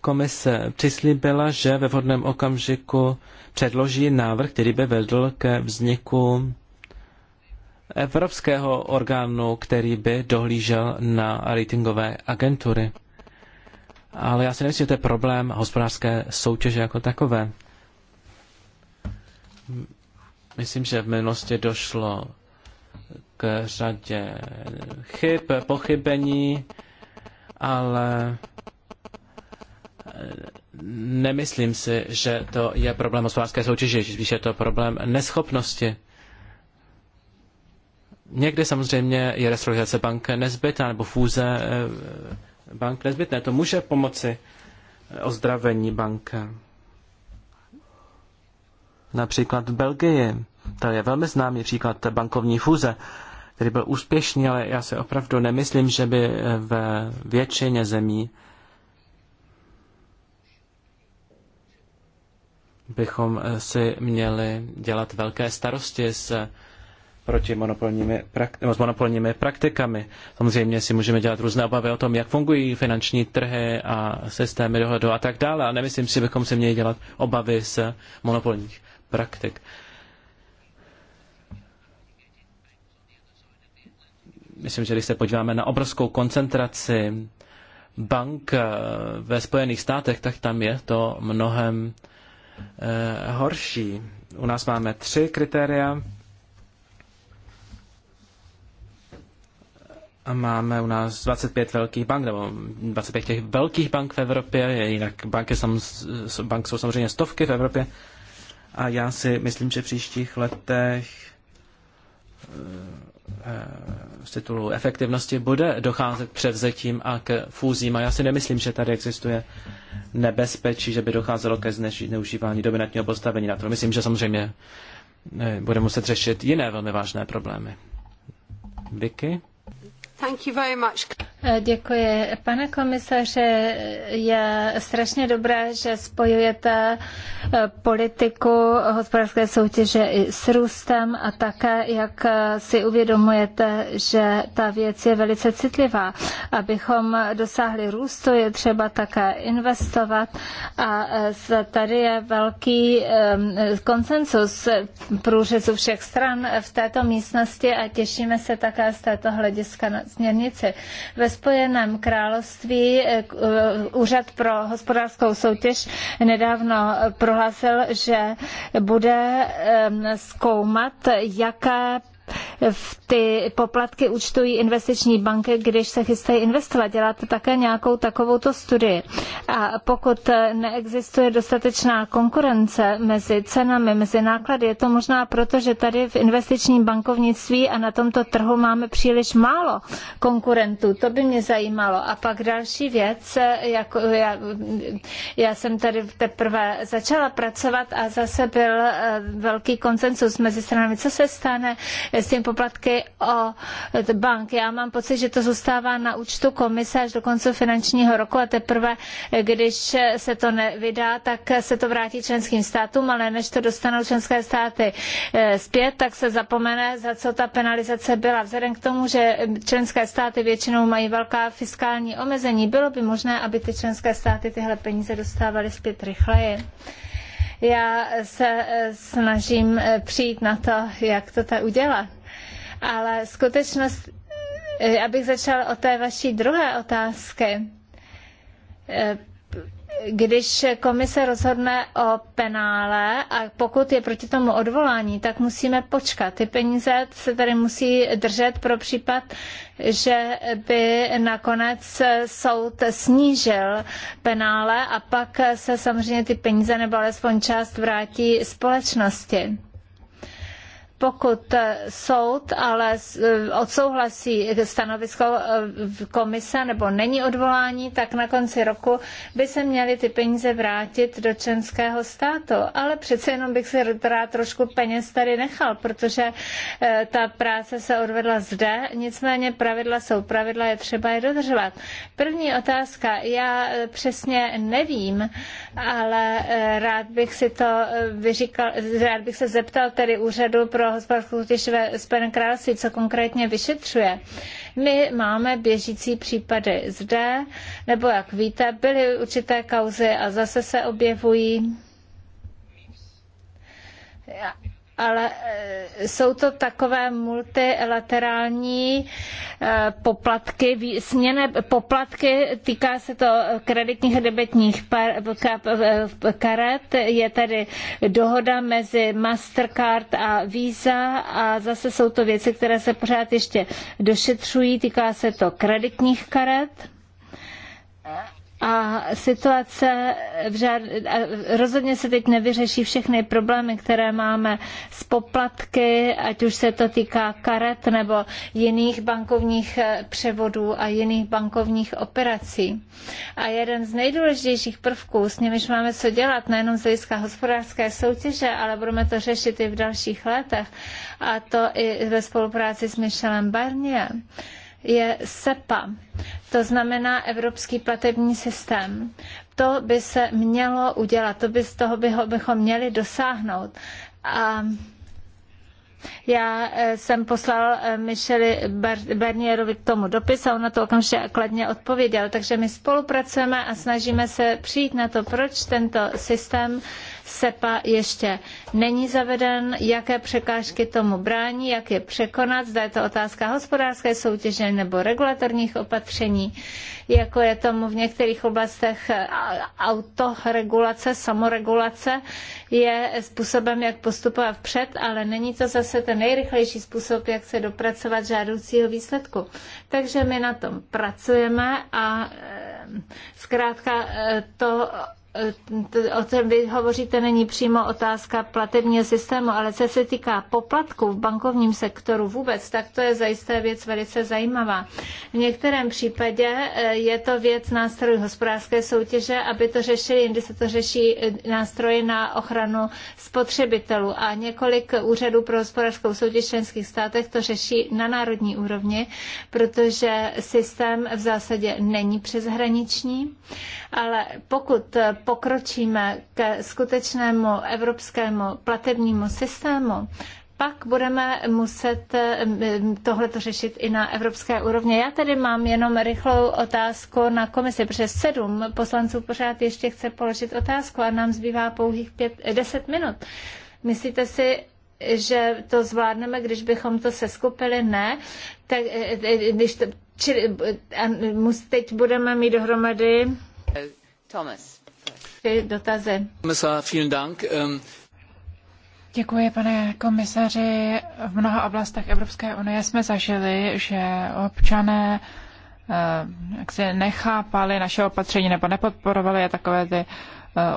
Komise přislíbila, že ve vhodném okamžiku předloží návrh, který by vedl ke vzniku evropského orgánu, který by dohlížel na ratingové agentury. Ale já si nemyslím, že to je problém hospodářské soutěže jako takové. Myslím, že v minulosti došlo k řadě chyb, pochybení, ale eh, nemyslím si, že to je problém hospodářské soutěže, že spíš je to problém neschopnosti. Někdy samozřejmě je restrukturalizace bank nezbytná nebo fůze eh, bank nezbytné. To může pomoci eh, ozdravení banka. Například v Belgii, to je velmi známý příklad bankovní fuze, který byl úspěšný, ale já si opravdu nemyslím, že by eh, ve většině zemí bychom eh, si měli dělat velké starosti s eh, proti monopolními, prak- s monopolními praktikami. Samozřejmě si můžeme dělat různé obavy o tom, jak fungují finanční trhy a systémy dohodu a tak dále, a nemyslím si, bychom si měli dělat obavy s monopolních praktek. Myslím, že když se podíváme na obrovskou koncentraci bank eh, ve Spojených státech, tak tam je to mnohem eh, horší. U nás máme tři kritéria. A máme u nás 25 velkých bank, nebo 25 těch velkých bank v Evropě, jinak banky, sam, bank jsou samozřejmě stovky v Evropě. Eh, a já si myslím, že v příštích letech eh, eh, z titulu efektivnosti bude docházet k převzetím a k fúzím. A já si nemyslím, že tady existuje nebezpečí, že by docházelo ke zneužívání dominantního postavení na to. Myslím, že samozřejmě eh, bude muset řešit jiné velmi vážné problémy. Vicky? Thank you very much. Děkuji. Pane komisaře, je strašně dobré, že spojujete eh, politiku hospodářské soutěže i s růstem a také, jak eh, si uvědomujete, že ta věc je velice citlivá. Abychom dosáhli růstu, je třeba také investovat a eh, tady je velký konsensus průřezu všech stran v této místnosti a těšíme se také z této hlediska na směrnici. Ve Spojeném království eh, eh, Úřad pro hospodářskou soutěž nedávno prohlásil, že bude eh, zkoumat, jaké ty poplatky účtují investiční banky, když se chystají investovat. Děláte také nějakou takovouto studii. A pokud neexistuje dostatečná konkurence mezi cenami, mezi náklady, je to možná proto, že tady v investičním bankovnictví a na tomto trhu máme příliš málo konkurentů. To by mě zajímalo. A pak další věc, jako já, já jsem tady teprve začala pracovat a zase byl eh, velký konsensus mezi stranami, co se stane, s tím poplatky o bank. Já mám pocit, že to zůstává na účtu komise až do konce finančního roku a teprve, když se to nevydá, tak se to vrátí členským státům, ale než to dostanou členské státy eh, zpět, tak se zapomene, za co ta penalizace byla. Vzhledem k tomu, že členské státy většinou mají velká fiskální omezení, bylo by možné, aby ty členské státy tyhle peníze dostávaly zpět rychleji. Já se eh, snažím eh, přijít na to, jak to tak udělat. Ale skutečnost, eh, abych začala od té vaší druhé otázky když komise rozhodne o penále a pokud je proti tomu odvolání, tak musíme počkat. Ty peníze se tady musí držet pro případ, že by nakonec soud snížil penále a pak se samozřejmě ty peníze nebo alespoň část vrátí společnosti. Pokud soud ale eh, odsouhlasí stanovisko eh, komise nebo není odvolání, tak na konci roku by se měly ty peníze vrátit do členského státu. Ale přece jenom bych si rád trošku peněz tady nechal, protože eh, ta práce se odvedla zde, nicméně pravidla jsou pravidla, je třeba je dodržovat. První otázka, já přesně nevím, ale eh, rád bych si to eh, vyříkal, rád bych se zeptal tedy úřadu pro hospodářskou soutěž ve Spojeném království, co konkrétně vyšetřuje. My máme běžící případy zde, nebo jak víte, byly určité kauzy a zase se objevují ale e, jsou to takové multilaterální e, poplatky, směné poplatky, týká se to kreditních a debetních e, karet, je tady dohoda mezi Mastercard a Visa a zase jsou to věci, které se pořád ještě došetřují, týká se to kreditních karet a situace v žád... rozhodně se teď nevyřeší všechny problémy, které máme s poplatky, ať už se to týká karet nebo jiných bankovních eh, převodů a jiných bankovních operací. A jeden z nejdůležitějších prvků, s nimiž máme co dělat, nejenom z hlediska hospodářské soutěže, ale budeme to řešit i v dalších letech, a to i ve spolupráci s Michelem Barnierem, je SEPA, to znamená Evropský platební systém. To by se mělo udělat, to by z toho bychom měli dosáhnout. A já eh, jsem poslal eh, Micheli Bernierovi k tomu dopis a ona to okamžitě kladně odpověděl. Takže my spolupracujeme a snažíme se přijít na to, proč tento systém SEPA ještě není zaveden, jaké překážky tomu brání, jak je překonat, zda je to otázka hospodářské soutěže nebo regulatorních opatření, jako je tomu v některých oblastech autoregulace, samoregulace, je způsobem, jak postupovat vpřed, ale není to zase ten nejrychlejší způsob, jak se dopracovat žádoucího výsledku. Takže my na tom pracujeme a eh, zkrátka eh, to o čem vy hovoříte, není přímo otázka platebního systému, ale co se týká poplatků v bankovním sektoru vůbec, tak to je zajisté věc velice zajímavá. V některém případě eh, je to věc nástrojů hospodářské soutěže, aby to řešili, jindy se to řeší eh, nástroje na ochranu spotřebitelů a několik úřadů pro hospodářskou soutěž v členských státech to řeší na národní úrovni, protože systém v zásadě není přeshraniční, ale pokud pokročíme ke skutečnému evropskému platebnímu systému, pak budeme muset eh, tohleto řešit i na evropské úrovni. Já tedy mám jenom rychlou otázku na komisi, protože sedm poslanců pořád ještě chce položit otázku a nám zbývá pouhých pět, eh, deset minut. Myslíte si, že to zvládneme, když bychom to seskupili? Ne. Tak, eh, když to, čili, teď budeme mít dohromady... Thomas ty dotazy. Ähm, Děkuji, pane komisaři. V mnoha oblastech Evropské unie jsme zažili, že občané eh, jak si nechápali naše opatření nebo nepodporovali je takové ty eh,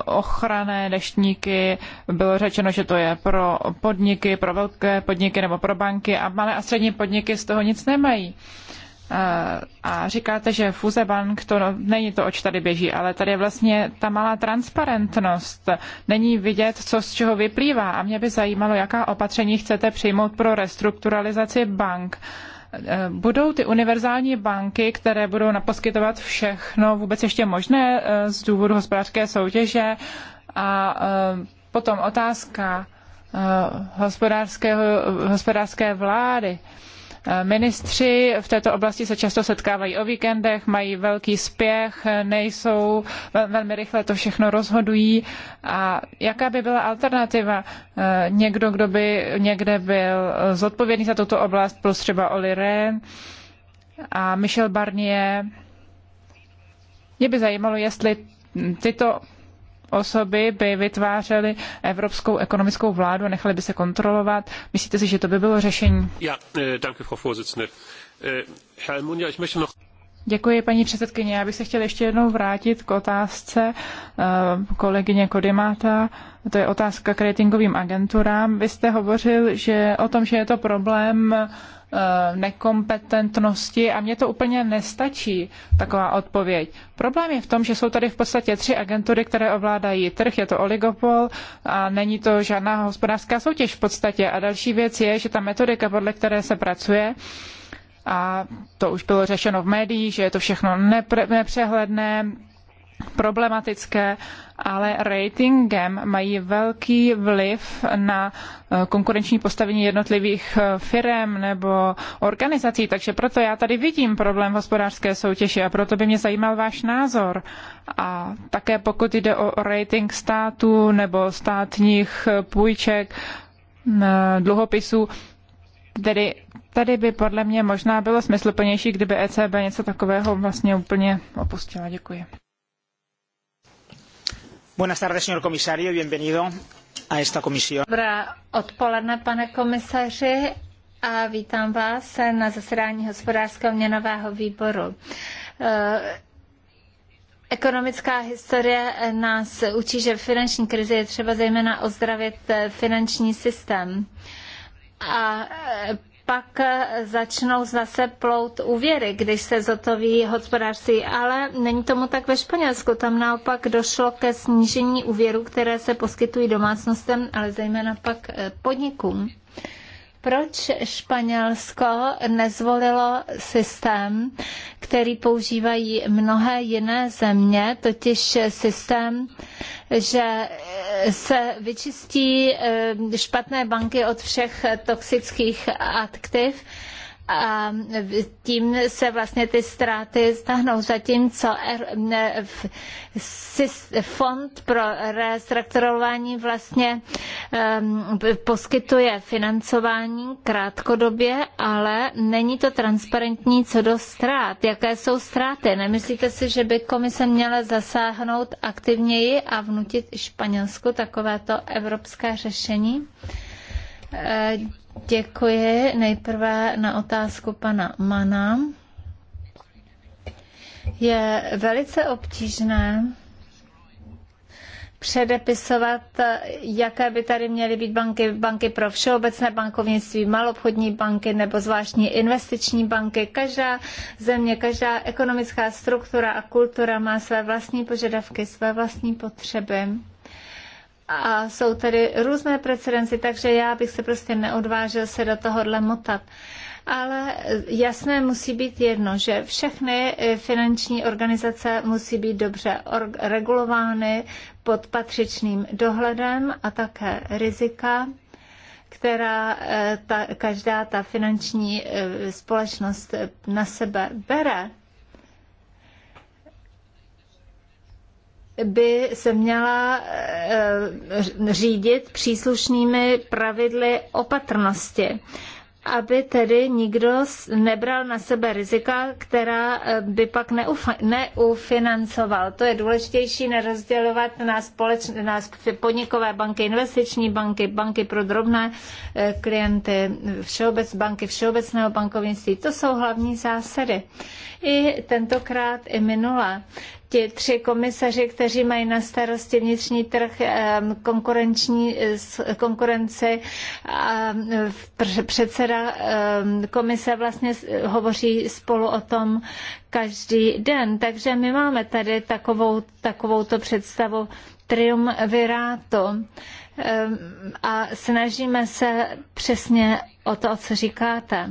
ochranné deštníky. Bylo řečeno, že to je pro podniky, pro velké podniky nebo pro banky a malé a střední podniky z toho nic nemají. Uh, Eh, a říkáte, že fuze bank, to no, není to, oč tady běží, ale tady je vlastně ta malá transparentnost. Není vidět, co z čeho vyplývá. A mě by zajímalo, jaká opatření chcete přijmout pro restrukturalizaci bank. Eh, budou ty univerzální banky, které budou naposkytovat všechno, vůbec ještě možné eh, z důvodu hospodářské soutěže? A potom otázka hospodářského, hospodářské vlády. Ministři v této oblasti se často setkávají o víkendech, mají velký spěch, nejsou, velmi rychle to všechno rozhodují. A jaká by byla alternativa? Eh, někdo, kdo by někde byl zodpovědný za tuto oblast, plus třeba Oli Rehn a Michel Barnier. Mě by zajímalo, jestli tyto osoby by vytvářely evropskou ekonomickou vládu a nechaly by se kontrolovat. Myslíte si, že to by bylo řešení? Ja, eh, danke, Frau eh, ich möchte noch... Děkuji, paní předsedkyně. Já bych se chtěla ještě jednou vrátit k otázce eh, kolegyně Kodymáta. To je otázka k ratingovým agenturám. Vy jste hovořil že o tom, že je to problém Eh, nekompetentnosti a mně to úplně nestačí, taková odpověď. Problém je v tom, že jsou tady v podstatě tři agentury, které ovládají trh, je to oligopol a není to žádná hospodářská soutěž v podstatě. A další věc je, že ta metodika, podle které se pracuje, a to už bylo řešeno v médiích, že je to všechno nepřehledné, problematické, ale ratingem mají velký vliv na eh, konkurenční postavení jednotlivých eh, firm nebo organizací, takže proto já tady vidím problém hospodářské soutěže a proto by mě zajímal váš názor. A také pokud jde o rating států nebo státních eh, půjček, dluhopisů, tedy tady by podle mě možná bylo smysluplnější, kdyby ECB něco takového vlastně úplně opustila. Děkuji. Buenas tardes, señor comisario, bienvenido a esta comisión. Dobré odpoledne, pane komisaři, a vítám vás na zasedání hospodářského měnového výboru. Eh, ekonomická historie nás učí, že finanční krizi je třeba zejména ozdravit eh, finanční systém. A eh, pak eh, začnou zase plout úvěry, když se zotoví hospodářství. Ale není tomu tak ve Španělsku. Tam naopak došlo ke snížení úvěru, které se poskytují domácnostem, ale zejména pak eh, podnikům proč Španělsko nezvolilo systém, který používají mnohé jiné země, totiž systém, že se vyčistí eh, špatné banky od všech toxických aktiv a tím se vlastně ty ztráty stáhnou. Zatímco fond pro restrukturování vlastně ehm, poskytuje financování krátkodobě, ale není to transparentní co do ztrát. Jaké jsou ztráty? Nemyslíte si, že by komise měla zasáhnout aktivněji a vnutit Španělsku takovéto evropské řešení? Eh, děkuji nejprve na otázku pana Mana. Je velice obtížné předepisovat, jaké by tady měly být banky, banky pro všeobecné bankovnictví, malobchodní banky nebo zvláštní investiční banky. Každá země, každá ekonomická struktura a kultura má své vlastní požadavky, své vlastní potřeby a jsou tady různé precedenci, takže já bych se prostě neodvážil se do tohohle motat. Ale jasné musí být jedno, že všechny eh, finanční organizace musí být dobře regulovány pod patřičným dohledem a také rizika, která eh, ta, každá ta finanční eh, společnost na sebe bere by se měla eh, řídit příslušnými pravidly opatrnosti aby tedy nikdo nebral na sebe rizika, která eh, by pak neufinancoval. To je důležitější nerozdělovat na, společ, na podnikové banky, investiční banky, banky pro drobné eh, klienty, všeobec, banky všeobecného bankovnictví. To jsou hlavní zásady. I tentokrát, i minule ti tři komisaři, kteří mají na starosti vnitřní trh, konkurenční, konkurenci a předseda komise vlastně hovoří spolu o tom každý den. Takže my máme tady takovou, takovouto představu triumvirátu a snažíme se přesně o to, co říkáte.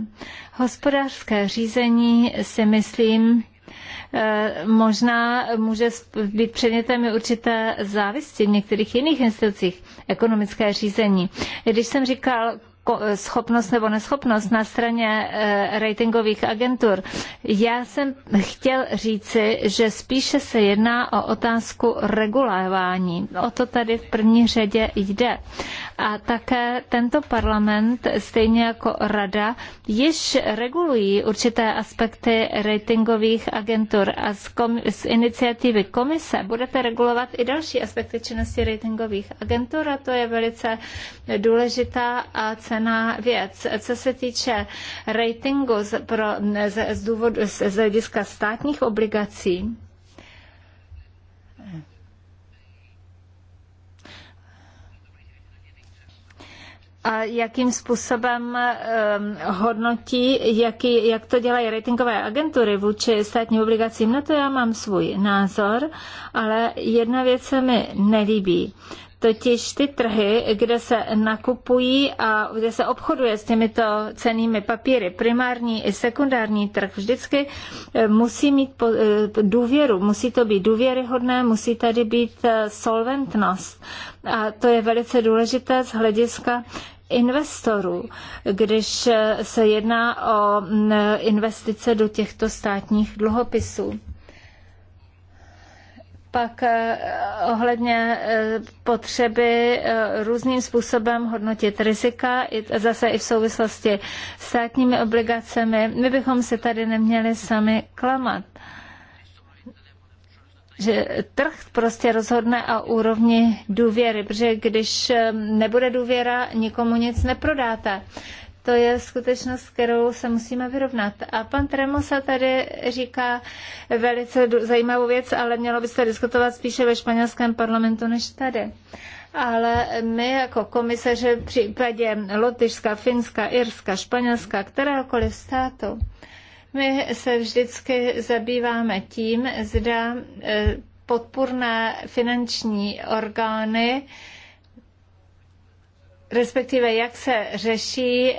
Hospodářské řízení si myslím, Eh, možná může být předmětem i určité závisti v některých jiných institucích ekonomické řízení. Když jsem říkal schopnost nebo neschopnost na straně e, ratingových agentur. Já jsem chtěl říci, že spíše se jedná o otázku regulování. O to tady v první řadě jde. A také tento parlament, stejně jako rada, již regulují určité aspekty ratingových agentur a z, z iniciativy komise budete regulovat i další aspekty činnosti ratingových agentur a to je velice důležitá a cená cená věc. Co se týče ratingu z, pro, z, z, důvodu, z, z hlediska státních obligací, a jakým způsobem um, hodnotí, jaký, jak to dělají ratingové agentury vůči státním obligacím. Na to já mám svůj názor, ale jedna věc se mi nelíbí totiž ty trhy, kde se nakupují a kde se obchoduje s těmito cenými papíry, primární i sekundární trh, vždycky eh, musí mít eh, důvěru, musí to být důvěryhodné, musí tady být eh, solventnost. A to je velice důležité z hlediska investorů, když se jedná o mm, investice do těchto státních dluhopisů pak eh, ohledně eh, potřeby eh, různým způsobem hodnotit rizika, zase i v souvislosti s státními obligacemi, my bychom se tady neměli sami klamat že trh prostě rozhodne a úrovni důvěry, protože když nebude důvěra, nikomu nic neprodáte to je skutečnost, kterou se musíme vyrovnat. A pan Tremosa tady říká velice zajímavou věc, ale mělo by se diskutovat spíše ve španělském parlamentu než tady ale my jako komisaře v případě Lotyšska, Finska, Irska, Španělska, kteréhokoliv státu, my se vždycky zabýváme tím, zda eh, podpůrné finanční orgány respektive jak se řeší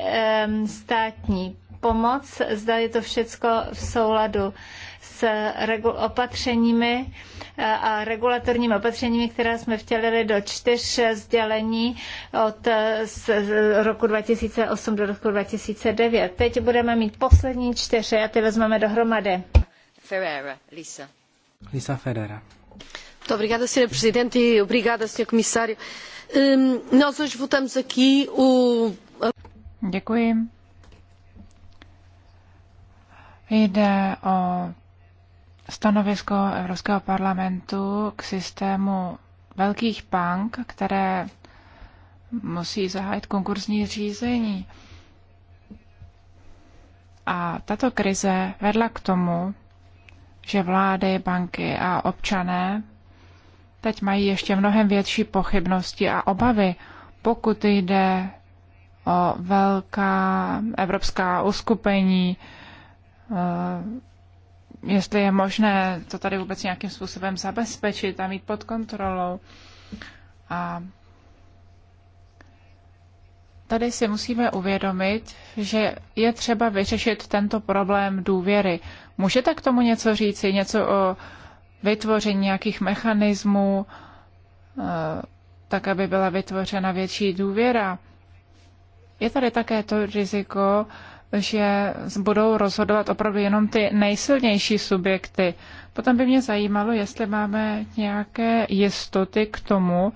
státní pomoc, zda je to všecko v souladu s opatřeními eh, a regulatorními opatřeními, která jsme vtělili do čtyř sdělení od eh, roku 2008 do roku 2009. Teď budeme mít poslední čtyři a ty vezmeme dohromady. Ferreira, Lisa. Lisa Ferreira. Obrigada, senhora Presidente, e obrigada, senhor Comissário. Uh, Nós hoje votamos aqui o... Děkuji. Jde o stanovisko Evropského parlamentu k systému velkých bank, které musí zahájit konkurzní řízení. A tato krize vedla k tomu, že vlády, banky a občané teď mají ještě mnohem větší pochybnosti a obavy, pokud jde o velká evropská uskupení, eh, jestli je možné to tady vůbec nějakým způsobem zabezpečit a mít pod kontrolou. A tady si musíme uvědomit, že je třeba vyřešit tento problém důvěry. Můžete k tomu něco říci, něco o vytvoření nějakých mechanismů, eh, tak aby byla vytvořena větší důvěra. Je tady také to riziko, že budou rozhodovat opravdu jenom ty nejsilnější subjekty. Potom by mě zajímalo, jestli máme nějaké jistoty k tomu,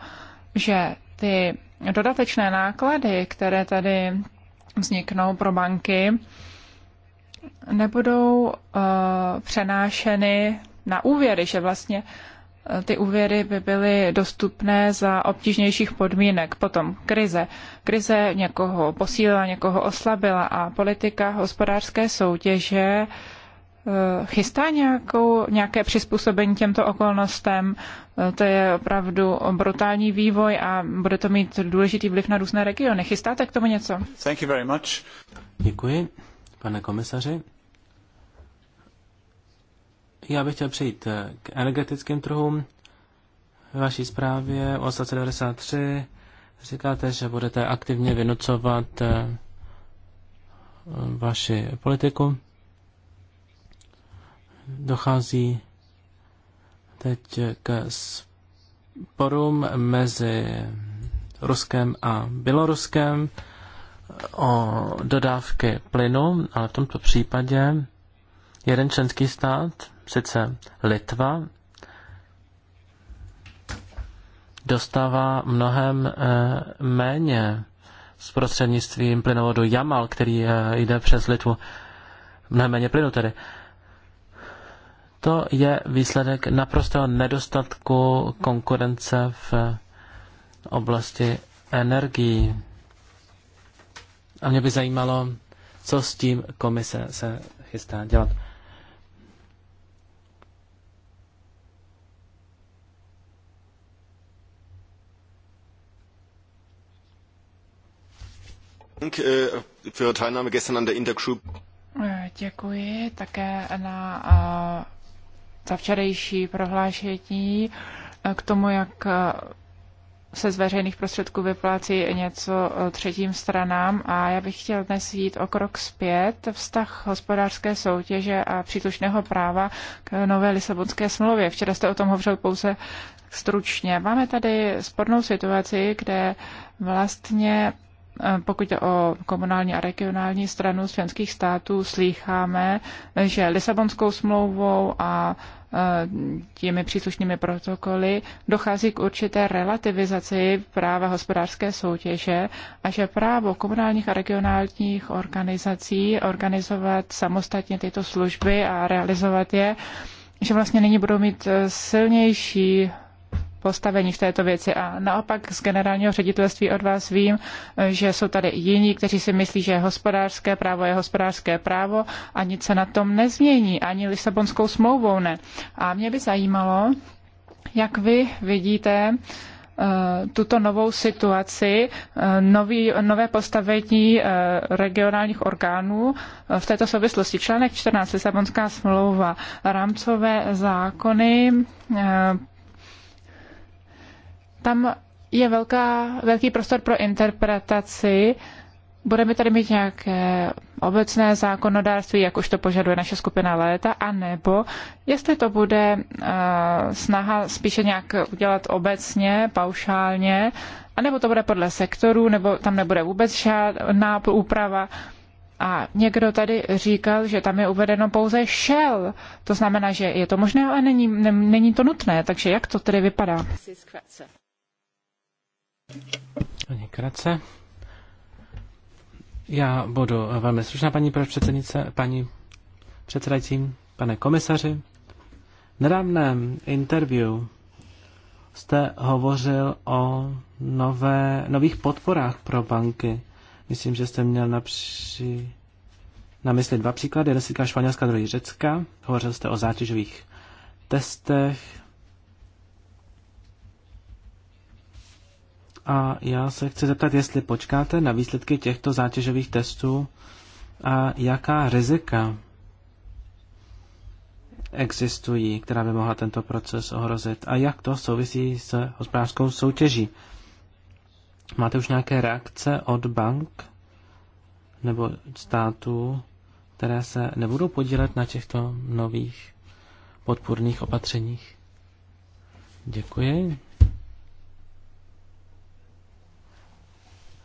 že ty dodatečné náklady, které tady vzniknou pro banky, nebudou uh, přenášeny na úvěry, že vlastně eh, ty úvěry by byly dostupné za obtížnějších podmínek. Potom krize. Krize někoho posílila, někoho oslabila a politika hospodářské soutěže eh, chystá nějakou, nějaké přizpůsobení těmto okolnostem. Eh, to je opravdu brutální vývoj a bude to mít důležitý vliv na různé regiony. Chystáte k tomu něco? Thank you very much. Děkuji, pane komisaři. Já bych chtěl přejít eh, k energetickým trhům. V vaší zprávě o 93 říkáte, že budete aktivně vynucovat eh, vaši politiku. Dochází teď k sporům mezi Ruskem a Běloruskem o dodávky plynu, ale v tomto případě jeden členský stát přece Litva dostává mnohem eh, méně s prostřednictvím plynovodu Jamal, který eh, jde přes Litvu. Mnohem méně plynu tedy. To je výsledek naprostého nedostatku konkurence v eh, oblasti energií. A mě by zajímalo, co s tím komise se chystá dělat. Äh, äh, děkuji také na, äh, za včerejší prohlášení k tomu, jak se z veřejných prostředků vyplácí něco třetím stranám a já bych chtěl dnes jít o krok zpět vztah hospodářské soutěže a příslušného práva k nové Lisabonské smlouvě. Včera jste o tom hovořil pouze stručně. Máme tady spornou situaci, kde vlastně Eh, pokud je o komunální a regionální stranu z členských států, slýcháme, že Lisabonskou smlouvou a eh, těmi příslušnými protokoly dochází k určité relativizaci práva hospodářské soutěže a že právo komunálních a regionálních organizací organizovat samostatně tyto služby a realizovat je, že vlastně nyní budou mít eh, silnější postavení v této věci. A naopak z generálního ředitelství od vás vím, že jsou tady jiní, kteří si myslí, že hospodářské právo je hospodářské právo a nic se na tom nezmění, ani Lisabonskou smlouvou ne. A mě by zajímalo, jak vy vidíte eh, tuto novou situaci, eh, nový, nové postavení eh, regionálních orgánů v této souvislosti. Článek 14 Lisabonská smlouva, rámcové zákony tam je velká, velký prostor pro interpretaci. Budeme tady mít nějaké obecné zákonodárství, jak už to požaduje naše skupina léta, anebo jestli to bude uh, snaha spíše nějak udělat obecně, paušálně, anebo to bude podle sektorů, nebo tam nebude vůbec žádná úprava. A někdo tady říkal, že tam je uvedeno pouze šel. To znamená, že je to možné, ale není, není to nutné. Takže jak to tedy vypadá? Paní Krace. Já budu velmi slušná, paní předsednice, paní předsedající, pane komisaři. V nedávném interview jste hovořil o nové, nových podporách pro banky. Myslím, že jste měl napří, na mysli dva příklady. Jeden se týká Španělska, druhý Řecka. Hovořil jste o zátěžových testech a já se chci zeptat, jestli počkáte na výsledky těchto zátěžových testů a jaká rizika existují, která by mohla tento proces ohrozit a jak to souvisí s hospodářskou soutěží. Máte už nějaké reakce od bank nebo států, které se nebudou podílet na těchto nových podpůrných opatřeních? Děkuji.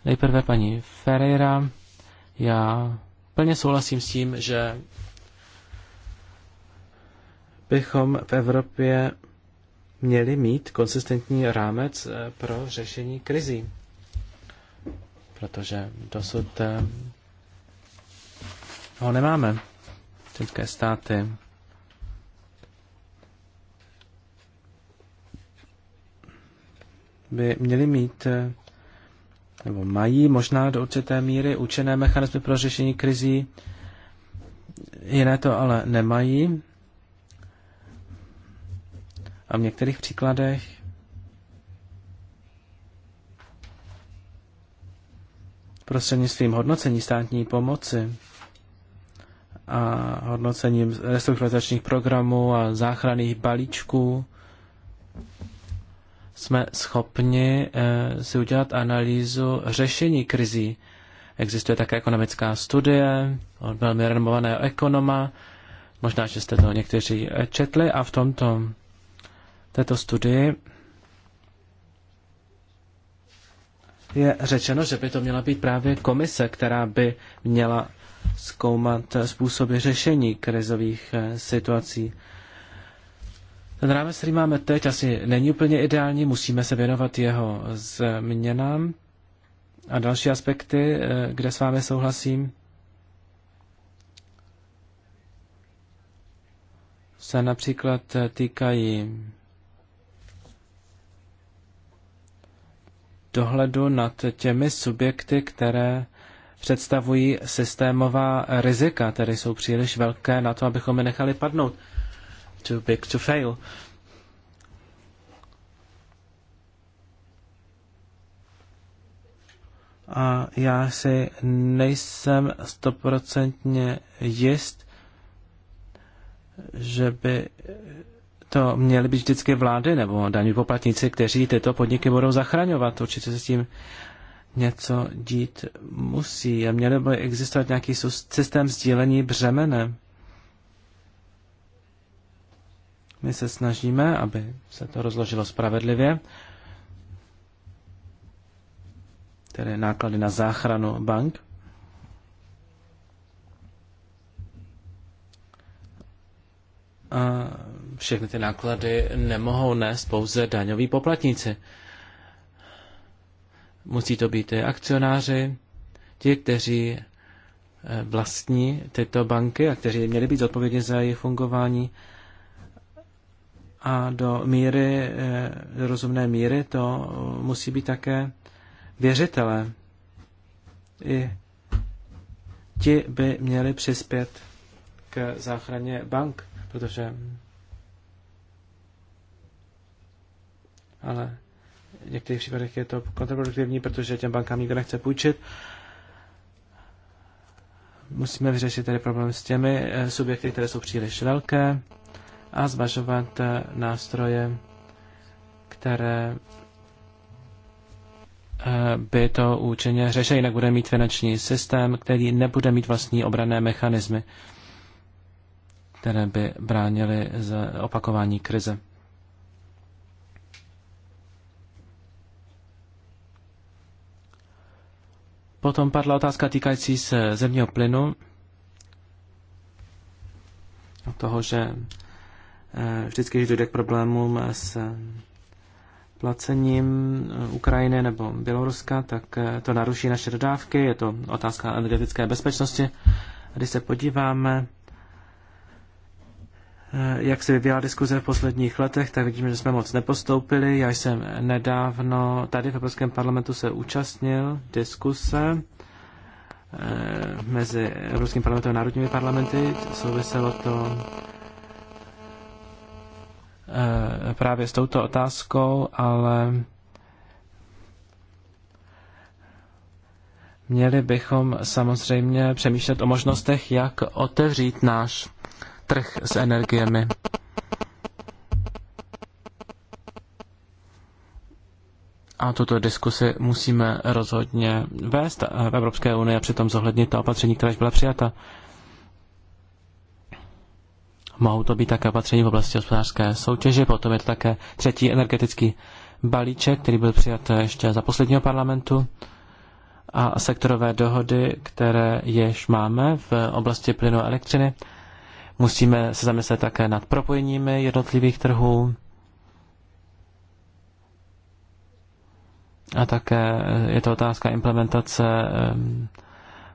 Nejprve paní Ferreira. Já plně souhlasím s tím, že bychom v Evropě měli mít konsistentní rámec eh, pro řešení krizí. Protože dosud eh, ho nemáme. České státy by měly mít eh, nebo mají možná do určité míry učené mechanismy pro řešení krizí, jiné to ale nemají. A v některých příkladech prostřednictvím hodnocení státní pomoci a hodnocením restrukturalizačních programů a záchranných balíčků jsme schopni eh, si udělat analýzu řešení krizí. Existuje také ekonomická studie od velmi renomovaného ekonoma, možná, že jste to někteří eh, četli, a v tomto této studii je řečeno, že by to měla být právě komise, která by měla zkoumat způsoby řešení krizových eh, situací. Ten rámec, který máme teď, asi není úplně ideální, musíme se věnovat jeho změnám. A další aspekty, eh, kde s vámi souhlasím, se například eh, týkají dohledu nad těmi subjekty, které představují systémová rizika, které jsou příliš velké na to, abychom je nechali padnout too big to fail. A já si nejsem stoprocentně jist, že by to měly být vždycky vlády nebo daní poplatníci, kteří tyto podniky budou zachraňovat. Určitě se s tím něco dít musí a měl by existovat nějaký systém sdílení břemene. My se snažíme, aby se to rozložilo spravedlivě, tedy náklady na záchranu bank. A všechny ty náklady nemohou nést pouze daňoví poplatníci. Musí to být i akcionáři, ti, kteří eh, vlastní tyto banky a kteří měli být odpovědní za jejich fungování a do míry, eh, do rozumné míry to musí být také věřitelé. I ti by měli přispět k záchraně bank, protože ale v některých případech je to kontraproduktivní, protože těm bankám nikdo nechce půjčit. Musíme vyřešit tedy problém s těmi eh, subjekty, které jsou příliš velké a zvažovat eh, nástroje, které eh, by to účinně řešili, jinak bude mít finanční systém, který nebude mít vlastní obrané mechanismy, které by bránily z opakování krize. Potom padla otázka týkající se zemního plynu, toho, že vždycky, když dojde k problémům s placením Ukrajiny nebo Běloruska, tak eh, to naruší naše dodávky, je to otázka energetické bezpečnosti. Když se podíváme, eh, jak se vyvíjela diskuze v posledních letech, tak vidíme, že jsme moc nepostoupili. Já jsem nedávno tady v Evropském parlamentu se účastnil diskuse eh, mezi Evropským parlamentem a národními parlamenty. Souviselo to Eh, právě s touto otázkou, ale měli bychom samozřejmě přemýšlet o možnostech, jak otevřít náš trh s energiemi. A tuto diskusi musíme rozhodně vést v Evropské unii a přitom zohlednit ta opatření, která byla přijata. Mohou to být také opatření v oblasti hospodářské soutěže, potom je to také třetí energetický balíček, který byl přijat ještě za posledního parlamentu a sektorové dohody, které jež máme v oblasti plynu a elektřiny. Musíme se zamyslet také nad propojeními jednotlivých trhů a také je to otázka implementace ehm,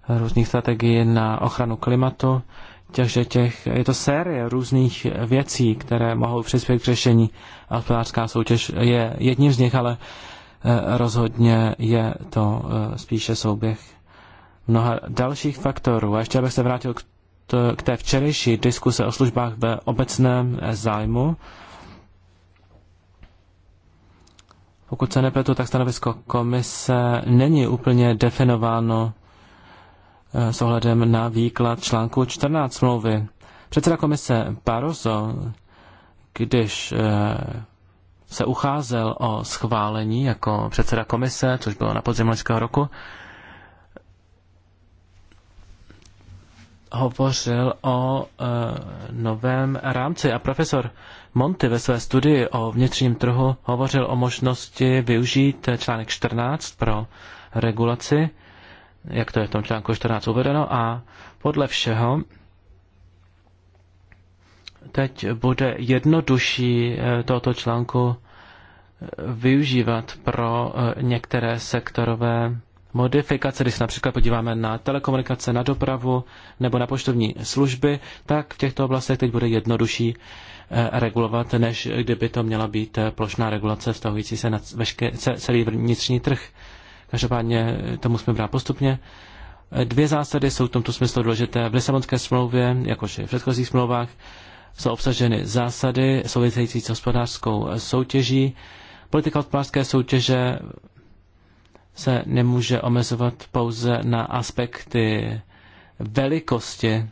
různých strategií na ochranu klimatu. Takže těch, je to série různých věcí, které mohou přispět k řešení. A hospodářská soutěž je jedním z nich, ale eh, rozhodně je to eh, spíše souběh mnoha dalších faktorů. A ještě abych se vrátil k, k té včerejší diskuse o službách ve obecném eh, zájmu. Pokud se nepletu, tak stanovisko komise není úplně definováno s ohledem na výklad článku 14 smlouvy. Předseda komise Barroso, když eh, se ucházel o schválení jako předseda komise, což bylo na podzim loňského roku, hovořil o e, novém rámci a profesor Monty ve své studii o vnitřním trhu hovořil o možnosti využít článek 14 pro regulaci jak to je v tom článku 14 uvedeno, a podle všeho teď bude jednodušší eh, tohoto článku eh, využívat pro eh, některé sektorové modifikace, když se například podíváme na telekomunikace, na dopravu nebo na poštovní služby, tak v těchto oblastech teď bude jednodušší regulovat, než kdyby to měla být plošná regulace vztahující se na veške, celý vnitřní trh. Každopádně to musíme brát postupně. Dvě zásady jsou v tomto smyslu důležité. V Lisabonské smlouvě, jakož i v předchozích smlouvách, jsou obsaženy zásady související s hospodářskou soutěží. Politika hospodářské soutěže se nemůže omezovat pouze na aspekty velikosti,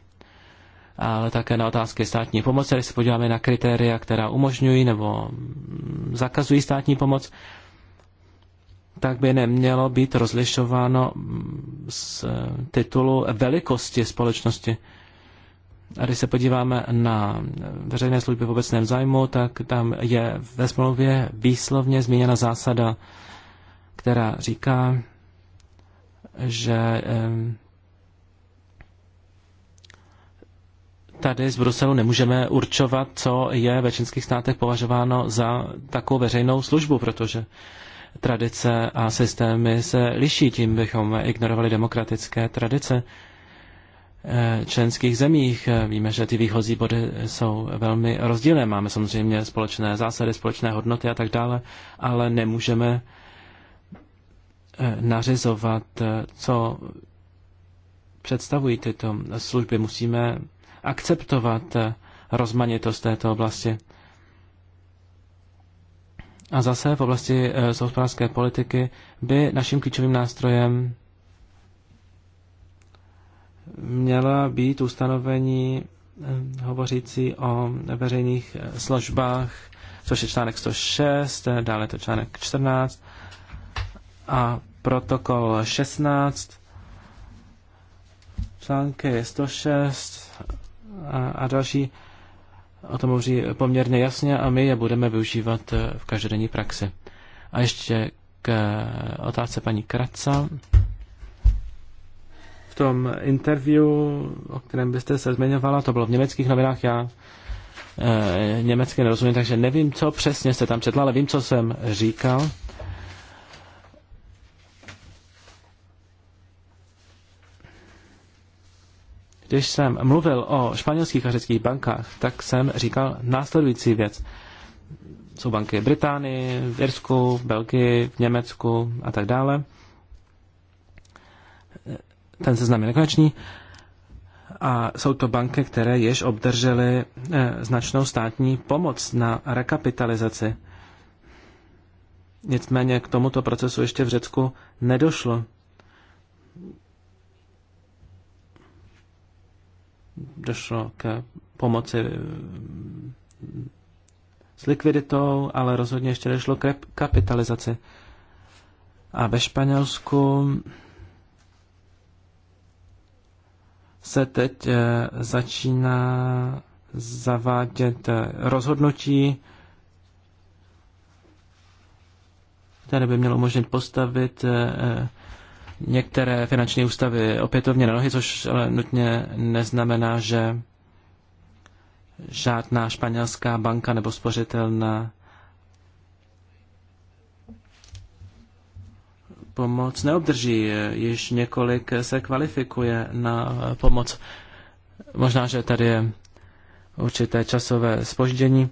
ale také na otázky státní pomoci. Když se podíváme na kritéria, která umožňují nebo zakazují státní pomoc, tak by nemělo být rozlišováno z titulu velikosti společnosti. A když se podíváme na veřejné služby v obecném zájmu, tak tam je ve smlouvě výslovně zmíněna zásada, která říká, že tady z Bruselu nemůžeme určovat, co je ve členských státech považováno za takovou veřejnou službu, protože tradice a systémy se liší, tím bychom ignorovali demokratické tradice eh, členských zemích. Víme, že ty výchozí body jsou velmi rozdílné. Máme samozřejmě společné zásady, společné hodnoty a tak dále, ale nemůžeme eh, nařizovat, eh, co představují tyto služby. Musíme akceptovat rozmanitost této oblasti. A zase v oblasti hospodářské eh, politiky by naším klíčovým nástrojem měla být ustanovení eh, hovořící o veřejných eh, složbách, což je článek 106, dále je to článek 14 a protokol 16, články 106 a, a další o tom hovoří poměrně jasně a my je budeme využívat eh, v každodenní praxi. A ještě k eh, otázce paní Kraca. V tom interview, o kterém byste se zmiňovala, to bylo v německých novinách, já e, německy nerozumím, takže nevím, co přesně jste tam četla, ale vím, co jsem říkal. Když jsem mluvil o španělských a řeckých bankách, tak jsem říkal následující věc. Jsou banky v Británii, v Irsku, v Belgii, v Německu a tak dále. Ten seznam je nekonečný. A jsou to banky, které již obdržely eh, značnou státní pomoc na rekapitalizaci. Nicméně k tomuto procesu ještě v Řecku nedošlo. došlo k pomoci eh, s likviditou, ale rozhodně ještě došlo k kapitalizaci. A ve Španělsku se teď eh, začíná zavádět eh, rozhodnutí, které by mělo umožnit postavit některé finanční ústavy opětovně na nohy, což ale nutně neznamená, že žádná španělská banka nebo spořitelná pomoc neobdrží, již několik se kvalifikuje na pomoc. Možná, že tady je určité časové spoždění.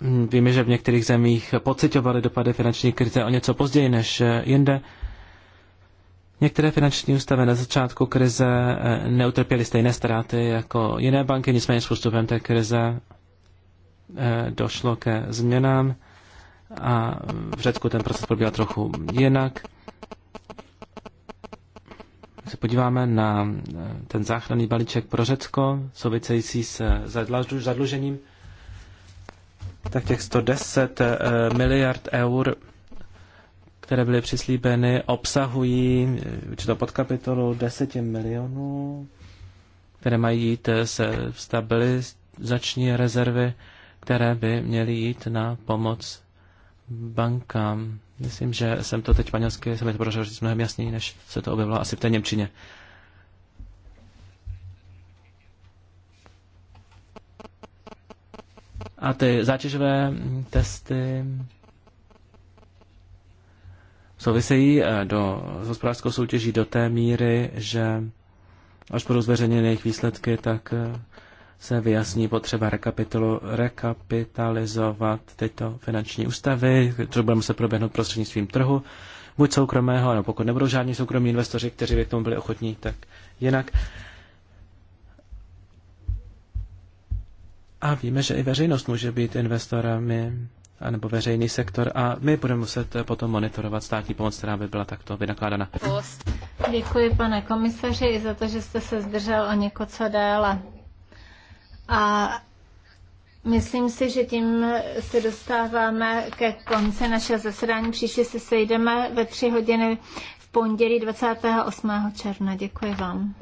Mm, víme, že v některých zemích pocitovali dopady finanční krize o něco později než eh, jinde. Některé finanční ústavy na začátku krize eh, neutrpěly stejné ztráty jako jiné banky, nicméně s postupem té krize eh, došlo ke změnám a v Řecku ten proces probíhal trochu jinak. Když se podíváme na ten záchranný balíček pro Řecko, související s zadlužením, tak těch 110 eh, miliard eur, které byly přislíbeny, obsahují eh, určitou podkapitolu 10 milionů, které mají jít eh, se stabilizační rezervy, které by měly jít na pomoc bankám. Myslím, že jsem to teď španělsky, jsem to říct mnohem jasněji, než se to objevilo asi v té Němčině. A ty zátěžové testy souvisejí eh, do, s hospodářskou soutěží do té míry, že až budou zveřejněny jejich výsledky, tak eh, se vyjasní potřeba rekapitalizovat tyto finanční ústavy, které budeme se proběhnout prostřednictvím trhu, buď soukromého, nebo pokud nebudou žádní soukromí investoři, kteří by k tomu byli ochotní, tak jinak. A víme, že i veřejnost může být investorami, anebo veřejný sektor, a my budeme muset potom monitorovat státní pomoc, která by byla takto vynakládána. Děkuji, pane komisaři, i za to, že jste se zdržel o něco déle. A Myslím si, že tím se dostáváme ke konci našeho zasedání. Příště se sejdeme ve tři hodiny v pondělí 28. června. Děkuji vám.